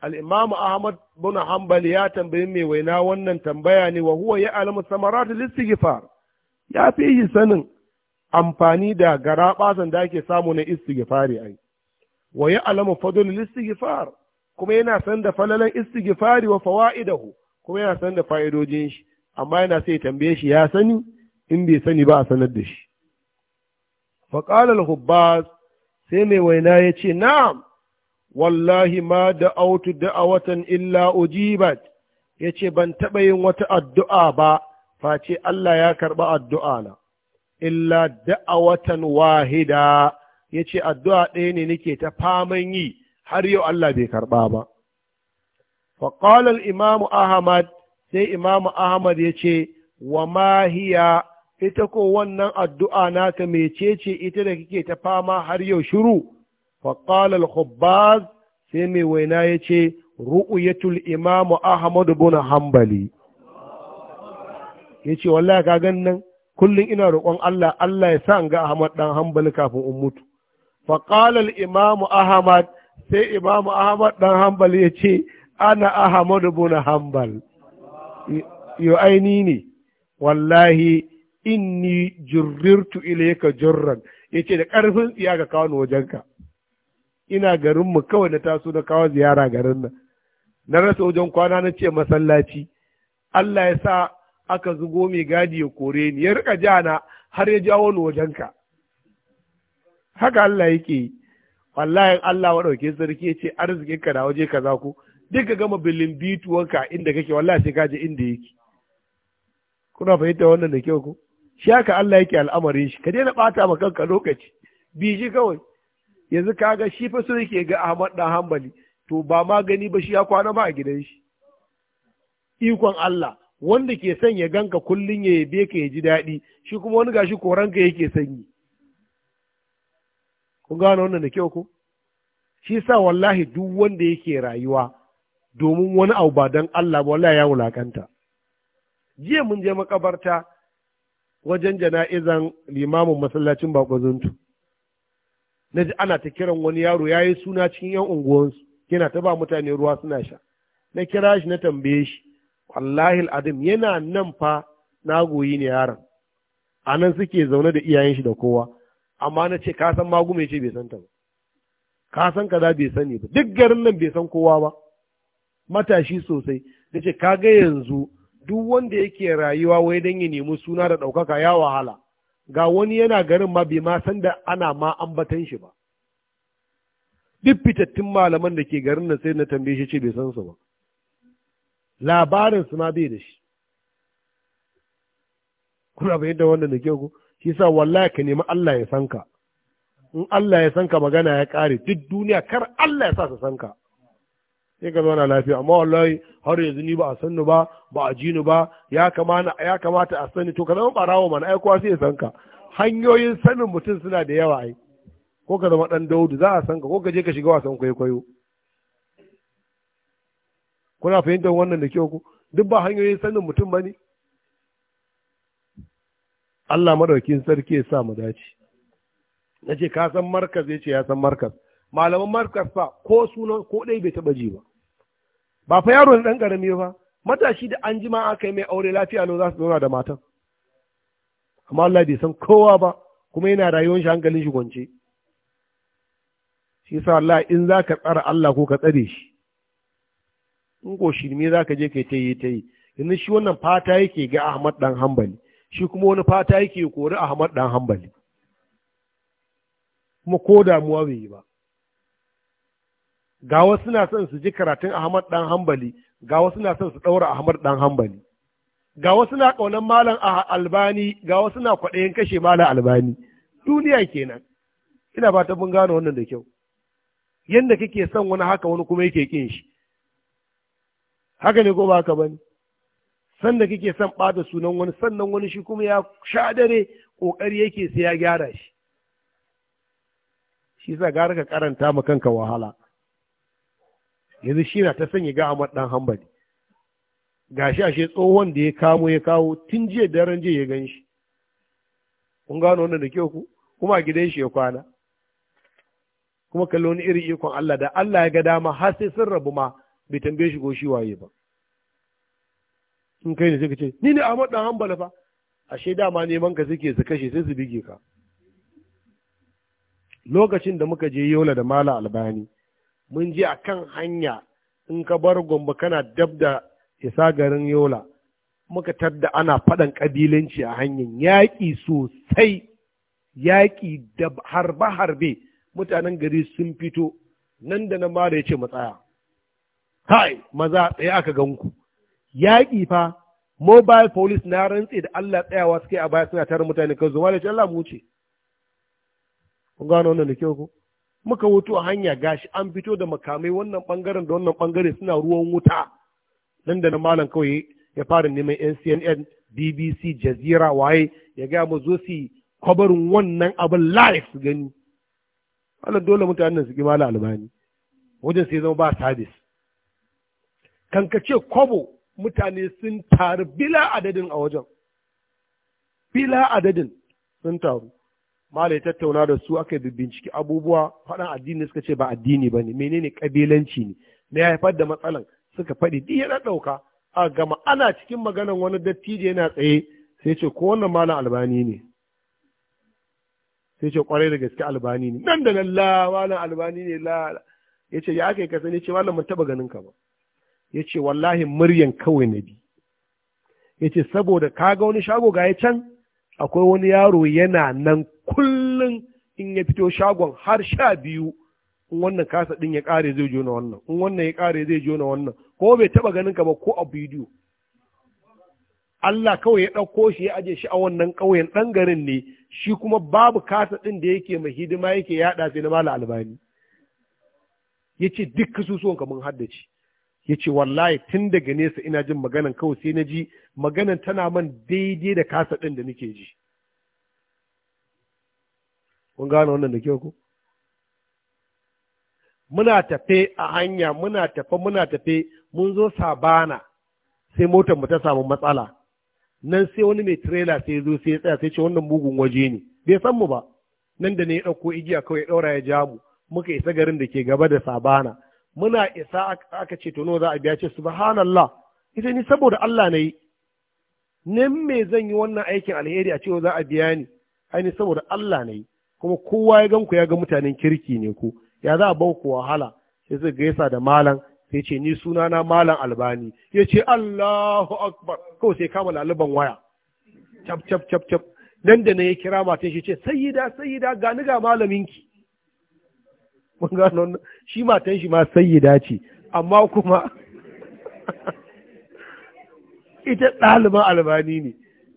al'imamu ahmad bin hanbal ya tambayi mai waina wannan tambaya ne wa huwa ya alamu samarat istighfar ya fi yi sanin amfani da gara basan da ake samu na istighfari ai wa ya alamu fadlul istighfar kuma yana san da falalan istighfari wa fawaidahu kuma yana san da fa'idojin shi amma yana sai tambaye shi ya sani in bai sani ba a sanar da shi faqala al-hubbas sai mai waina ya ce na'am wallahi ma da autu da'autu watan illa ujibat yace ban taɓa yin wata addu'a ba face Allah ya karɓa addu'a na illa watan wahida yace addu'a ɗaya ne nake ta faman yi har yau Allah bai karɓa ba fa qala imam ahmad sai imam ahmad yace wa mahiya ita ko wannan addu'a naka mecece ita da kike ta fama har yau shiru faƙalar hubbaz sai mai waina ya ce ru'uyatul imamu ahmadu bin hambali ya ce wallahi ka gan nan kullum ina roƙon Allah Allah ya sa in ga Ahmad dan hambali kafin in mutu faƙalar imamu ahmad sai imamu ahmad dan hambali ya ce ana ahmadu bin hambal yo aini ne wallahi inni jirrirtu ilayka jirran yace da ƙarfin tsiya ka kawo wajenka ina garin mu kawai na taso na kawo ziyara garin nan na rasa wajen kwana na ce masallaci Allah ya sa aka zugo mai gadi ya kore ni ya rika jana har ya jawo ni wajenka haka Allah yake wallahi Allah wa dauke sarki ya ce arzikin ka da waje kaza ku duka gama bilin bituwanka inda kake wallahi sai ka je inda yake kuna fahimta wannan da kyau ko shi haka Allah yake al'amarin shi ka daina bata ma kanka lokaci bi shi kawai yanzu kaga shi fa so yake ga Ahmad dan Hambali, to ba magani ba shi ya kwana ba a gidan shi ikon Allah wanda ke son ya ganka kullun ya yabe ka ya ji daɗi shi kuma wani gashi koranka yake sanyi kun gano wannan da kyau ko shi sa wallahi duk wanda yake rayuwa domin wani abu ba don Allah ba wallahi ya wulakanta jiya mun je makabarta wajen jana'izan limamin masallacin bakwazuntu na ji ana ta kiran wani yaro ya yi suna cikin yan unguwansu yana ta ba mutane ruwa suna sha na kira shi na tambaye shi wallahi al'adim yana nan fa na goyi ne yaron a nan suke zaune da iyayen shi da kowa amma na ce ka san magume ce bai san ta ba ka san kaza bai sani ba duk garin nan bai san kowa ba matashi sosai da ce ka ga yanzu duk wanda yake rayuwa wai dan ya nemi suna da ɗaukaka ya wahala ga wani yana garin ma bai ma san da ana ma ambatan shi ba duk fitattun malaman da ke garin nan sai na tambaye shi ce bai san su ba labarin su ma bai da shi kuna bayan da wannan da ku, shi sa wallahi ka nemi Allah ya san in Allah ya sanka magana ya kare duk duniya kar Allah ya sa su sanka sai ka zauna lafiya amma wallahi har yanzu ni ba a sanni ba ba a ji ba ya kamata a sani to ka zama barawo mana ai kowa sai ya san ka hanyoyin sanin mutum suna da yawa ai ko ka zama dan daudu za a san ka ko ka je ka shiga wasan kwaikwayo kuna fahimtar wannan da kyau ku duk ba hanyoyin sanin mutum ba ne Allah madaukin sarki ya sa mu dace na ce ka san markaz yace ya san markaz malaman markaz fa ko sunan ko dai bai taɓa ji ba ba fa yaro ɗan ƙarami ba matashi da an jima aka yi mai aure lafiya lau za su zauna da matan amma Allah bai san kowa ba kuma yana rayuwar shi hankalin shi kwance shi sa Allah in za ka tsara Allah ko ka tsare shi in ko shirme za ka je ka ta yi ta yi yanzu shi wannan fata yake ga Ahmad dan Hambali shi kuma wani fata yake kori Ahmad dan Hambali kuma ko damuwa bai yi ba ga wasu na son su ji karatun Ahmad dan Hambali ga wasu na son su daura Ahmad dan Hambali ga wasu na kaunan malam Albani ga wasu na kwaɗayin kashe malam Albani duniya kenan ina ba ta mun gane wannan da kyau yanda kake son wani haka wani kuma yake kin shi haka ne ko ba haka bane sanda kake son bada sunan wani sannan wani shi kuma ya sha dare ƙoƙari yake sai ya gyara shi shi sa gara ka karanta ma kanka wahala yanzu shi na ta sanya ga Ahmad dan hambali gashi ashe tsohon da ya kamo ya kawo tun jiya daren jiya ya gan shi kun gano wannan da kyau ku kuma gidan shi ya kwana kuma kallo wani irin ikon Allah da Allah ya ga dama har sai sun rabu ma bai tambaye shi ko shi waye ba in kai ne suka ce ni ne Ahmad dan hambali fa ashe dama neman ka suke su kashe sai su bige ka lokacin da muka je Yola da Mala Albani mun ji a kan hanya in ka bar gombe kana dab da isa garin yola muka tadda ana faɗan kabilanci a hanyar yaƙi sosai yaƙi da harbe-harbe mutanen gari sun fito nan da nan mara ya ce matsaya hai maza ɗaya aka ganku yaƙi fa mobile police na rantse da Allah tsayawa suke a baya suna tare mutane kan zuwa da ce Allah mu ce kun gano wannan da kyau ko muka wuto a hanya gashi an fito da makamai wannan bangaren da wannan bangare suna ruwan wuta nan da na malam kawai ya fara neman ncnn bbc jazira waye ya ga mu zo su kwabarin wannan abin live su gani wannan dole mutanen su ki albani wajen sai zama ba sabis ce kwabo mutane sun taru bila adadin a wajen bila adadin sun taru malai tattauna da su aka binciki abubuwa faɗan addini suka ce ba addini ba ne menene ƙabilanci ne na ya haifar da matsalan suka faɗi duk ya ɗauka a gama ana cikin maganan wani dattijo yana tsaye sai ce ko wannan malam albani ne sai ce kwarai da gaske albani ne nan da nan la malam albani ne la ya ce ya aka yi kasa ya ce malam mun taɓa ganin ka ba ya ce wallahi muryan kawai na bi ya ce saboda ka ga wani shago ga ya can akwai wani yaro yana nan kullum in ya fito shagon har sha biyu in wannan kasa ɗin ya kare zai jona wannan in wannan ya kare zai jona wannan ko bai taɓa ganin ka ba ko a bidiyo Allah kawai ya ɗauko shi ya aje shi a wannan ƙauyen ɗan garin ne shi kuma babu kasa ɗin da yake mai hidima yake yaɗa sai na mala albani ya ce duk kasusuwanka mun haddace ya ce wallahi tun daga nesa ina jin maganan kawai sai na ji maganan tana man daidai da kasa ɗin da nake ji kun gane wannan da kyau ku muna tafe a hanya muna tafe muna tafe mun zo sabana sai motar mu ta samu matsala nan sai wani mai tirela sai zo sai ya tsaya sai ce wannan mugun waje ne bai san mu ba nan da ne ya ɗauko igiya kawai ya ɗaura ya ja mu muka isa garin da ke gaba da sabana muna isa aka ce tono za a biya ce subhanallah ita ni saboda Allah na yi nan me zan yi wannan aikin alheri a cewa za a biya ni aini saboda Allah ne kuma kowa ya ganku ya ga mutanen kirki ne ku ya za a ba ku wahala sai zai gaisa da malam sai ce ni suna na malam albani ya ce Allahu akbar ko sai kama laluban waya cap cap cap cap nan da ne ya kira matan shi ce sayyida sayyida ga ni ga malaminki mun gano shi matan shi ma sayyida ce amma kuma ita ɗaliban albani ne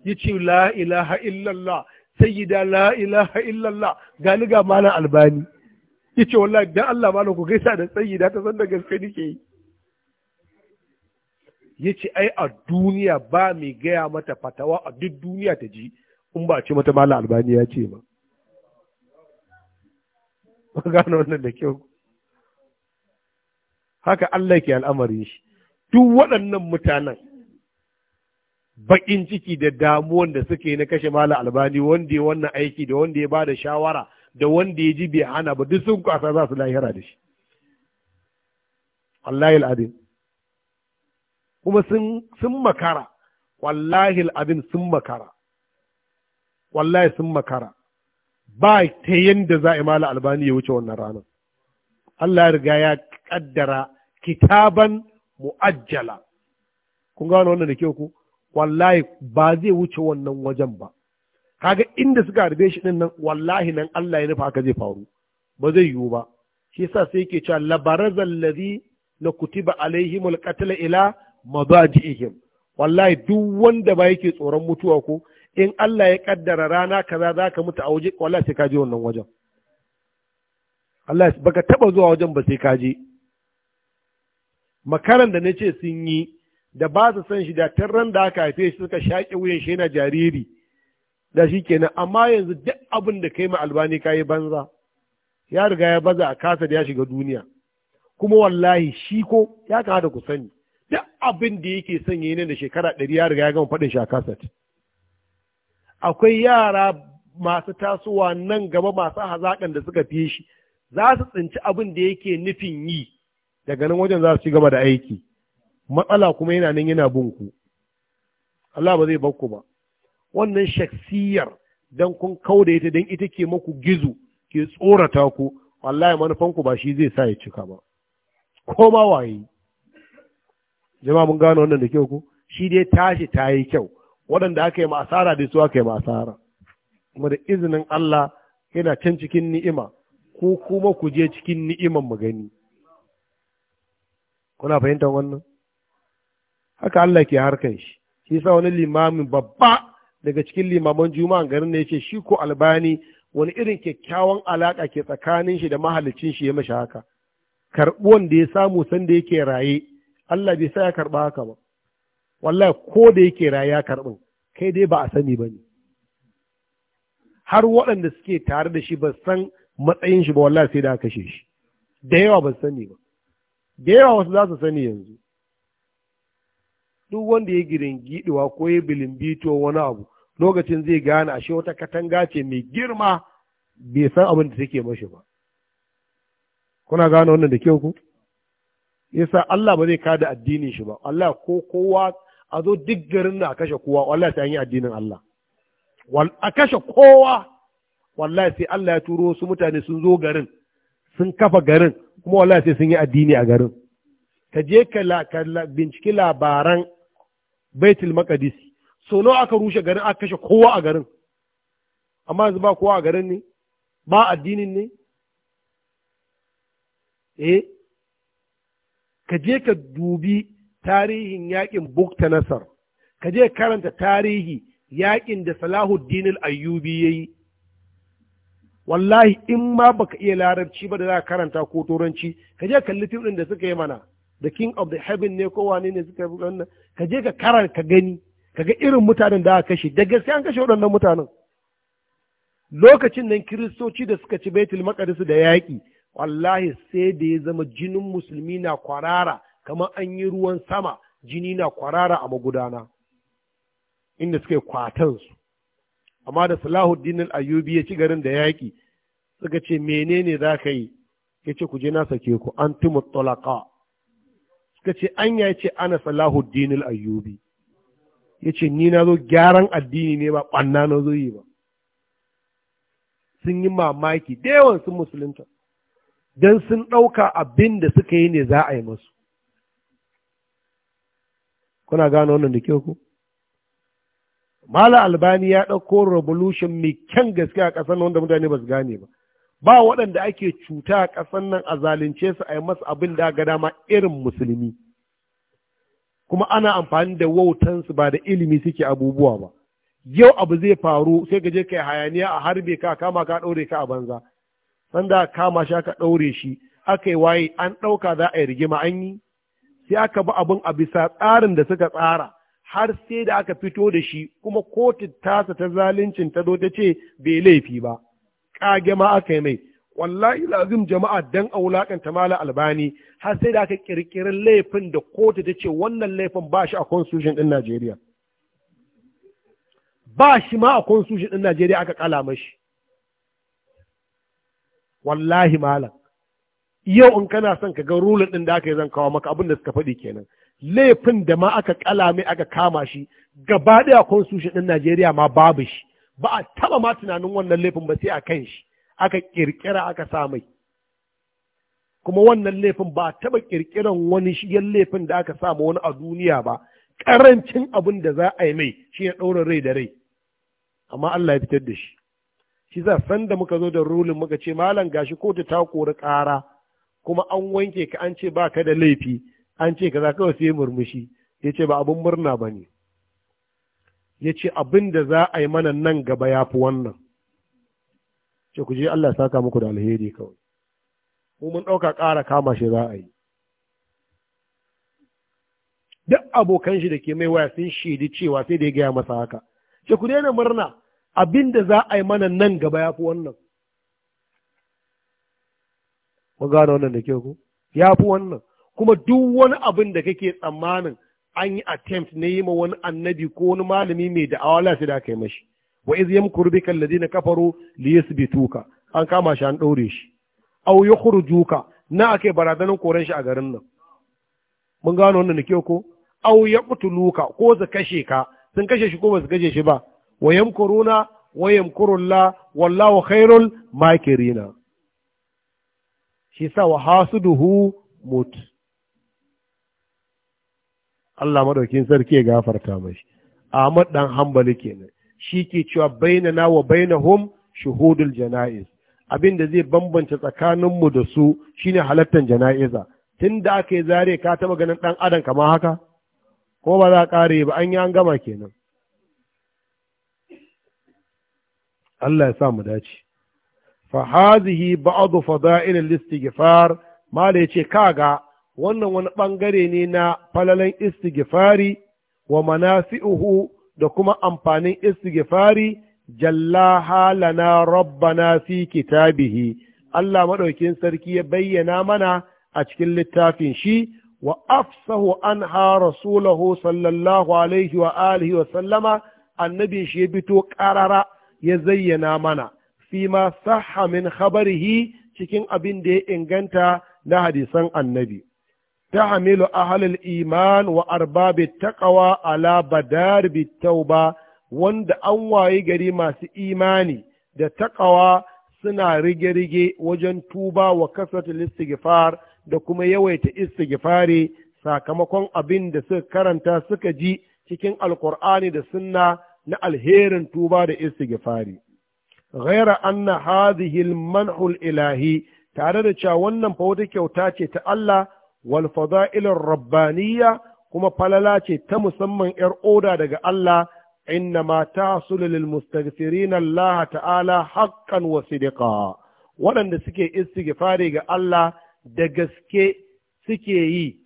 ya ce la ilaha illallah sayyida la ilaha illallah gani ga malam albani ya ce wallahi dan Allah malam ku gaisa da sayyida ta san da gaske nike yi ya ce ai a duniya ba mai gaya mata fatawa a duk duniya ta ji in ba ce mata malam albani ya ce ma ba gano wannan da kyau haka Allah ke al'amarin shi duk waɗannan mutanen baƙin ciki da damuwan da suke na kashe mala albani wanda ya wannan aiki da wanda ya ba da shawara da wanda ya ji bai hana ba duk sun kwasa za su lahira da shi wallahi al'adin kuma sun makara wallahi al'adin sun makara wallahi sun makara ba ta yanda za a mala albani ya wuce wannan ranar Allah ya riga ya kaddara kitaban mu'ajjala kun gano wannan da ke ku wallahi ba zai wuce wannan wajen ba kaga inda suka harbe shi din nan wallahi nan Allah ya nufa haka zai faru ba zai yiwu ba shi yasa sai yake cewa labarazal ladhi la kutiba alaihimul qatl ila madajihim wallahi duk wanda ba yake tsoron mutuwa ko in Allah ya kaddara rana kaza za ka mutu a waje wallahi sai ka je wannan wajen Allah baka taba zuwa wajen ba sai ka je makaran da nace sun yi da ba su san shi da tarran da aka haife shi suka shaƙe wuyan shi yana jariri da shi kenan amma yanzu duk abin da kai ma albani ka yi banza ya riga ya baza a kasa da ya shiga duniya kuma wallahi shi ko ya kamata ku sani duk abin da yake son yi da shekara ɗari ya riga ya gama faɗin shi a ta akwai yara masu tasowa nan gaba masu hazaƙan da suka fiye shi za su tsinci abin da yake nufin yi daga nan wajen za su ci gaba da aiki matsala kuma yana nan yana bin ku Allah ba zai bar ba wannan shaksiyar dan kun kauda ita dan ita ke maku gizo ke tsorata ku wallahi manufan ku ba shi zai sa ya cika ba ko ma waye jama'a mun gano wannan da kyau ku shi dai tashi ta yi kyau waɗanda aka yi ma asara da su aka yi ma asara kuma da izinin Allah yana can cikin ni'ima ko kuma ku je cikin ni'iman mu gani kuna fahimtar wannan haka Allah ke harkar shi shi sa wani limamin babba daga cikin limaman juma'an garin ne ya ce shi ko albani wani irin kyakkyawan alaƙa ke tsakanin shi da mahalicin shi ya mashi haka karɓuwan da ya samu sanda yake raye Allah bai sa ya karɓa haka ba wallahi ko da yake raya karɓin kai dai ba a sani ba ne har waɗanda suke tare da shi ba san matsayin shi ba wallahi sai da kashe shi da yawa ba sani ba da yawa wasu za su sani yanzu duk wanda ya girin giɗiwa ko ya bilimbito wani abu lokacin zai gane ashe wata katanga ce mai girma bai san abin da take mashi ba kuna gane wannan da kyau ku yasa Allah ba zai kada addinin shi ba Allah ko kowa a zo duk garin na a kashe kowa wallahi sai an yi addinin Allah a kashe kowa wallahi sai Allah ya turo su mutane sun zo garin sun kafa garin kuma wallahi sai sun yi addini a garin ka je ka binciki labaran baitul maqdis so nawa aka rushe garin aka kashe kowa a garin amma yanzu ba kowa a garin ne ba addinin ne eh ka je ka dubi tarihin yaƙin bukta nasar ka je karanta tarihi yaƙin da salahuddin al’ayyubi ayyubi yi. wallahi in ma baka iya lararci ba da za a karanta ko turanci ka je kalli fim da suka yi mana the king of the heaven ne ko wane ne suka yi wannan ka je ka karar ka gani ka ga irin mutanen da aka kashe da gaske an kashe waɗannan mutanen lokacin nan kiristoci da suka ci baitul maqdis da yaƙi wallahi sai da ya zama jinin musulmi na kwarara kamar an yi ruwan sama jini na kwarara a magudana inda suke kwatansu amma da salahuddin al’ayyubi ya ci garin da yaƙi suka ce menene za ka yi ya ce ku je na sake ku an tumu talaka suka ce an ya ce ana salahuddin al’ayyubi ya ce ni na zo gyaran addini ne ba ɓanna na zo yi ba sun yi mamaki da yawan sun musulunta don sun ɗauka abin da suka yi ne za a yi masu kuna gano wannan da kyau ku Malam Albani ya ɗauko revolution mai kyan gaske a ƙasar nan wanda mutane ba su gane ba. Ba waɗanda ake cuta a ƙasar nan a zalunce su a yi masu abin da ga dama irin musulmi. Kuma ana amfani da wautansu ba da ilimi suke abubuwa ba. Yau abu zai faru sai ka je kai hayaniya a harbe ka kama ka ɗaure ka a banza. Sanda kama sha ka ɗaure shi aka yi waye an ɗauka za a yi rigima an yi. sai aka bi abin a bisa tsarin da suka tsara har sai da aka fito da shi kuma kotun tasa ta zaluncin ta zo ta ce bai laifi ba kage ma aka yi mai wallahi lazim jama'a dan aulakanta mala albani har sai da aka kirkiri laifin da kotu ta ce wannan laifin ba shi a constitution din Najeriya ba shi ma a constitution din Najeriya aka kala mashi wallahi malam yau in kana son ka ga rulin ɗin da aka yi zan kawo maka abin da suka faɗi kenan laifin da ma aka kalame aka kama shi gaba ɗaya constitution ɗin Najeriya ma babu shi ba a taba ma tunanin wannan laifin ba sai a kan shi aka ƙirƙira aka sa mai kuma wannan laifin ba a taba kirkiran wani shigen laifin da aka samu wani a duniya ba karancin abin da za a yi mai shi ya ɗaura rai da rai amma Allah ya fitar da shi shi za sanda muka zo da rulin muka ce malam gashi kotu ta kori ƙara kuma an wanke ka an ce ba ka da laifi an ce ka za kawai sai murmushi ya ce ba abin murna ba ne ya ce abin da za a yi mana nan gaba ya fi wannan ce ku je Allah saka muku da alheri kawai mu mun ɗauka ƙara kama shi za a yi duk abokan shi da ke mai waya sun shaidi cewa sai da ya gaya masa haka ce ku daina murna abin da za a yi mana nan gaba ya fi wannan mun gano wannan da kyau ko ya fi wannan kuma duk wani abin da kake tsammanin an yi attempt na yi ma wani annabi ko wani malami mai da'awa la sai da aka yi mashi wa iz yamkuru bika liye kafaru li yasbituka an kama shi an ɗaure shi aw yukhrijuka na akai barazanin koren shi a garin nan mun gano wannan da kyau ko aw yaqtuluka ko su kashe ka sun kashe shi ko ba su kashe shi ba wa yamkuruna wa yamkurullah wallahu khairul makirina shi sa wa hasuduhu mut Allah madaukin sarki ya gafarta mashi Ahmad ɗan hambali kenan shi ke cewa na wa bainahum shuhudul jana'iz abin da zai bambanta tsakaninmu da su shine halattan jana'iza tun da aka yi zare ka taɓa ganin ɗan adam kamar haka ko ba za ba an yi an gama kenan Allah ya sa mu dace fa hadhihi ba'd fada'il al-istighfar mala yace kaga wannan wani bangare ne na falalan istighfari wa manasi'uhu da kuma amfanin istighfari jalla halana rabbana fi kitabihi Allah madaukin sarki ya bayyana mana a cikin littafin shi wa afsahu anha rasulahu sallallahu alaihi wa wa sallama annabin shi ƙarara ya zayyana mana fima sahha min khabarihi cikin abin da ya inganta na hadisan annabi hamilu ahlul iman wa arbabi taqwa ala badar tauba wanda an waye gari masu imani da taqwa suna rige-rige wajen tuba wa kasatul istighfar da kuma yawaita istighfari sakamakon abin da suka karanta suka ji cikin alkur'ani da sunna na alherin tuba da istighfari ghaira anna hadhihi al-man'u ilahi tare da cewa wannan fa wata kyauta ce ta Allah wal fada'ilir rabbaniyya kuma falala ce ta musamman ‘yar oda daga Allah, inna mata ta lil ta'ala haƙƙan wa sidiqa waɗanda suke istighfari ga Allah da gaske suke yi,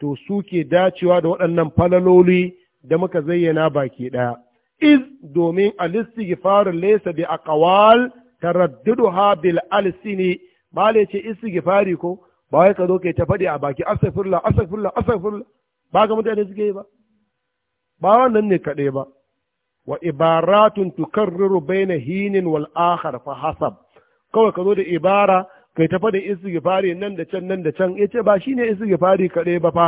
to suke dacewa da waɗannan falaloli da muka zayyana baki ɗaya. iz domin alistighfarin laysa bi aqwal taradduduha bil alsini male ce istighfari ko ba wai ka zo kai ta fadi a baki astaghfirullah astaghfirullah astaghfirullah ba ga mutane suke yi ba ba wannan ne kadai ba wa ibaratun tukarriru baina hinin wal akhar fa hasab kawai ka zo da ibara kai ta faɗi istighfari nan da can nan da can yace ba shine istighfari kadai ba fa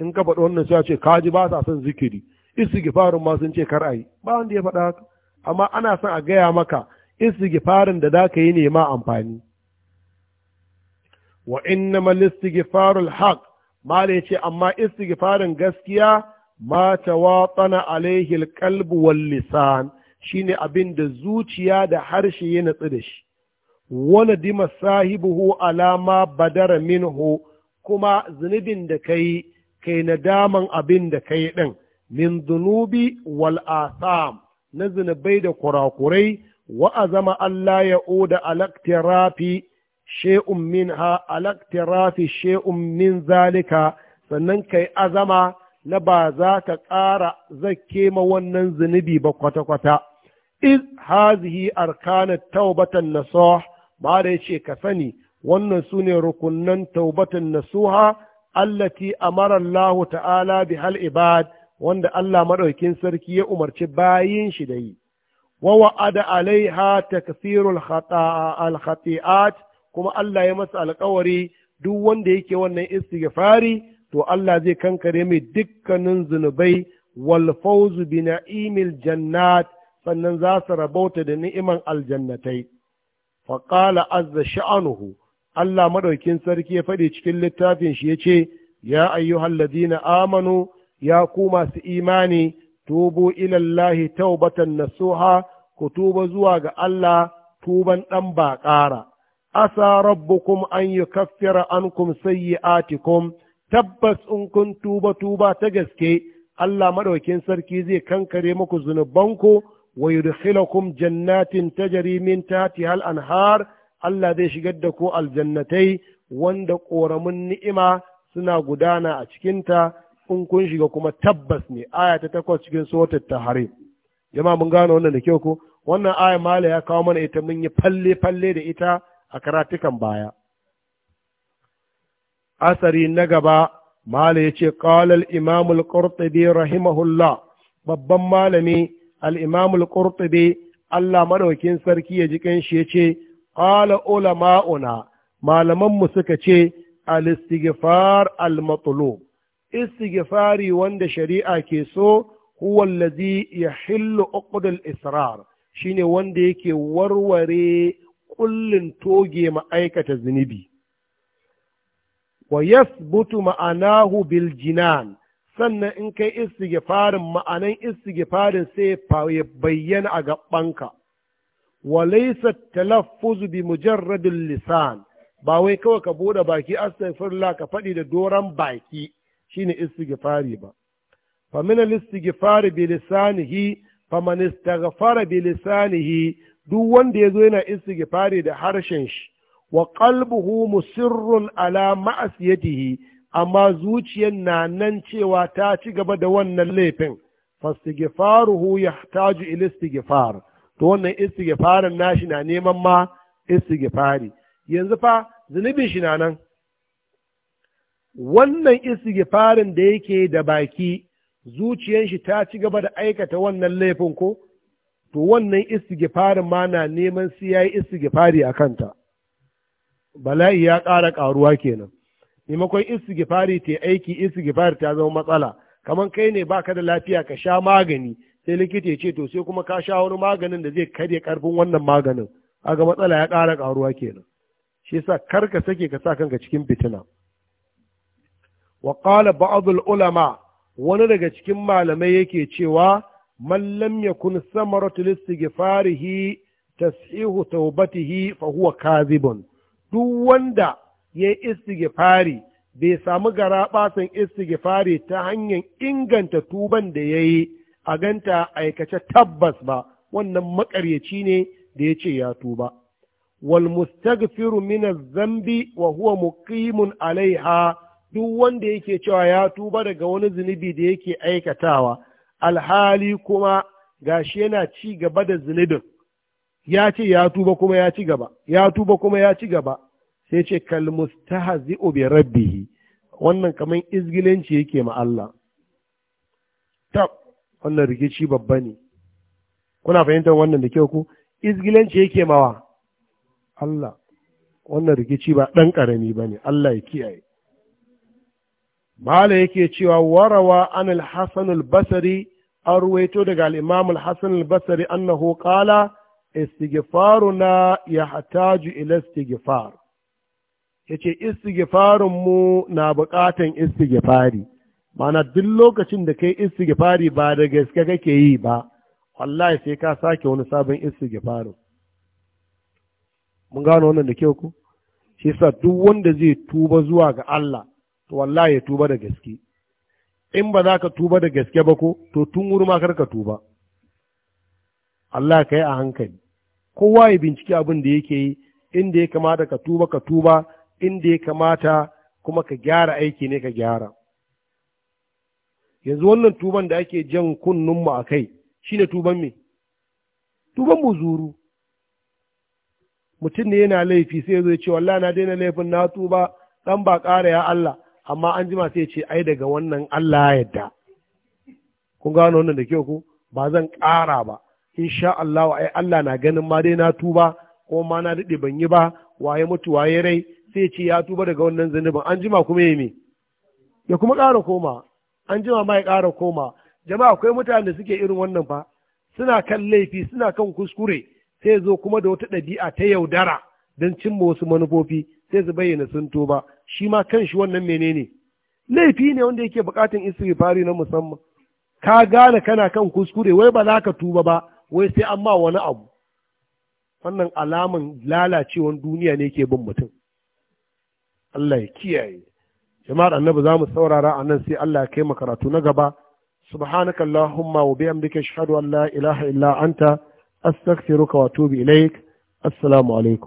in ka faɗi wannan sai ce kaji ba sa son zikiri istighfarin ma sun ce kar a yi ba wanda ya faɗa haka amma ana son a gaya maka istighfarin da zaka yi ne ma amfani wa innama istighfarul haq mala yace amma istighfarin gaskiya ma tawatsana alaihi alqalb wal lisan shine abin da zuciya da harshe ya natsu da shi wala dima sahibuhu alama badara minhu kuma zunubin da kai kai nadaman abin da kai din min zunubi wal asam na zunubai da kurakurai wa azama Allah ya oda alaktirafi she'un min ha alaktirafi she'un min zalika sannan kai azama na ba za ka ƙara zake ma wannan zunubi ba kwata-kwata. Iz hazihi arkanar taubatan nasuha ba da ya ce ka sani wannan su ne rukunan taubatan nasuha allati amara Allah ta'ala bi hal ibad wanda Allah maɗaukin sarki ya umarci bayin shi da yi, wa wa'ada alaiha takfirul al-khati'at kuma Allah ya masa alkawari duk wanda yake wannan istighfari to Allah zai kankare mai dukkanin zunubai wal fawzu bi na'imil jannat sannan za su rabauta da ni'iman aljannatai. Faƙala azza sha'anuhu Allah madaukin sarki ya faɗi cikin littafin shi ya ce, Ya ayyuhal ladina amanu ya ku masu imani tubu ilallahi taubatan nasuha ku tuba zuwa ga Allah tuban ɗan ba ƙara asa rabbukum an yukaffira ankum sayyi'atikum tabbas in kun tuba tuba ta gaske Allah maɗaukin sarki zai kankare muku zunubanku wa yudkhilakum jannatin tajri min tahtiha al-anhar Allah zai shigar da ku aljannatai wanda ƙoramin ni'ima suna gudana a cikinta in kun shiga kuma tabbas ne aya ta takwas cikin ta tahrim jama mun gano wannan da kyau ko wannan aya mala ya kawo mana ita mun yi falle falle da ita a karatukan baya asari na gaba mala ya ce qalal imam al qurtubi rahimahullah babban malami al imamul al qurtubi Allah madaukin sarki ya ji kanshi ce, qala ulama'una malaman mu suka ce al istighfar al matlub istighfari wanda shari'a ke so huwa allazi yahillu al israr shine wanda yake warware kullun toge ma'aikata zunubi wa yasbutu ma'anahu bil jinan sannan in kai istighfarin ma'anan istighfarin sai ya bayyana a gabanka wa laysa talaffuz bi lisan ba wai kawai ka bude baki astaghfirullah ka faɗi da doran baki shine istighfari ba fa min al-istighfari bi lisanihi fa man istaghfara bi lisanihi duk wanda yazo yana istighfari da harshen shi wa qalbuhu musirrun ala ma'asiyatihi amma zuciyar na nan cewa ta ci gaba da wannan laifin fastighfaruhu yahtaju ila istighfar to wannan istighfarin nashi na neman ma istighfari yanzu fa zunubin shi na nan wannan istighfarin da yake da baki zuciyar shi ta ci gaba da aikata wannan laifin ko to wannan istighfarin ma na neman sai yayi istighfari a kanta bala'i ya ƙara ƙaruwa kenan maimakon istighfari ta aiki istighfari ta zama matsala kamar kai ne baka da lafiya ka sha magani sai likita ya ce to sai kuma ka sha wani maganin da zai karya karfin wannan maganin aga matsala ya ƙara ƙaruwa kenan shi yasa kar ka sake ka sa kanka cikin fitina wa qala ulama wani daga cikin malamai yake cewa man lam yakun samaratu listighfarihi tasihu taubatihi fa huwa kadhibun duk wanda ya istighfari bai samu gara basan istighfari ta hanyar inganta tuban da yayi a ganta aikace tabbas ba wannan makaryaci ne da ya ce ya tuba wal mustaghfiru min zambi wa huwa muqimun alaiha duk wanda yake cewa ya tuba daga wani zunubi da yake aikatawa alhali kuma gashi yana ci gaba da zunubin ya ce ya tuba kuma ya ci gaba ya tuba kuma ya ci gaba sai ce mustahzi'u bi rabbih wannan kaman izgilanci yake ma Allah tab wannan rikici babba ne kuna fahimtar wannan da kyau ku izgilanci yake mawa Allah wannan rikici ba dan ƙarami ba ne Allah ya kiyaye Mala yake cewa warawa an al-Hasan al-Basri an ruwaito daga al-Imam al-Hasan al-Basri annahu qala istighfaruna yahtaju ila istighfar yace istighfarun mu na buƙatan istighfari mana duk lokacin da kai istighfari ba da gaske kake yi ba wallahi sai ka sake wani sabon istighfarin mun gano wannan da kyau ku shi sa duk wanda zai tuba zuwa ga Allah to wallahi ya tuba da gaske in ba za ka tuba da gaske ba ko to tun wuri ma kar ka tuba Allah ka yi a hankali kowa ya binciki abin da yake yi inda ya kamata ka tuba ka tuba inda ya kamata kuma ka gyara aiki ne ka gyara yanzu wannan tuban da ake jan kunnunmu a kai shine tuban me tuban buzuru mutum ne yana laifi sai ya ce wallahi na daina laifin na tuba dan ba ƙara ya Allah amma an jima sai ce ai daga wannan Allah ya yadda kun gano wannan da kyau ku ba zan ƙara ba insha Allah ai Allah na ganin ma dai na tuba ko ma na daɗe ban yi ba waye mutu waye rai sai ce ya tuba daga wannan zanubin an jima kuma ya me ya kuma ƙara koma an jima ma ya ƙara koma jama'a akwai mutane da suke irin wannan fa suna kan laifi suna kan kuskure sai zo kuma da wata ɗabi'a ta yaudara don cimma wasu manufofi sai su bayyana sun toba shi ma kan shi wannan menene laifi ne wanda yake bukatan istighfari na musamman ka gane kana kan kuskure wai ba za ka tuba ba wai sai an ma wani abu wannan alaman lalacewan duniya ne ke bin mutum Allah ya kiyaye jama'ar annabi za mu saurara a nan sai Allah ya kai mu karatu na gaba subhanaka allahumma wa bihamdika ashhadu an la ilaha illa anta astaghfiruka wa atubu ilaik assalamu alaikum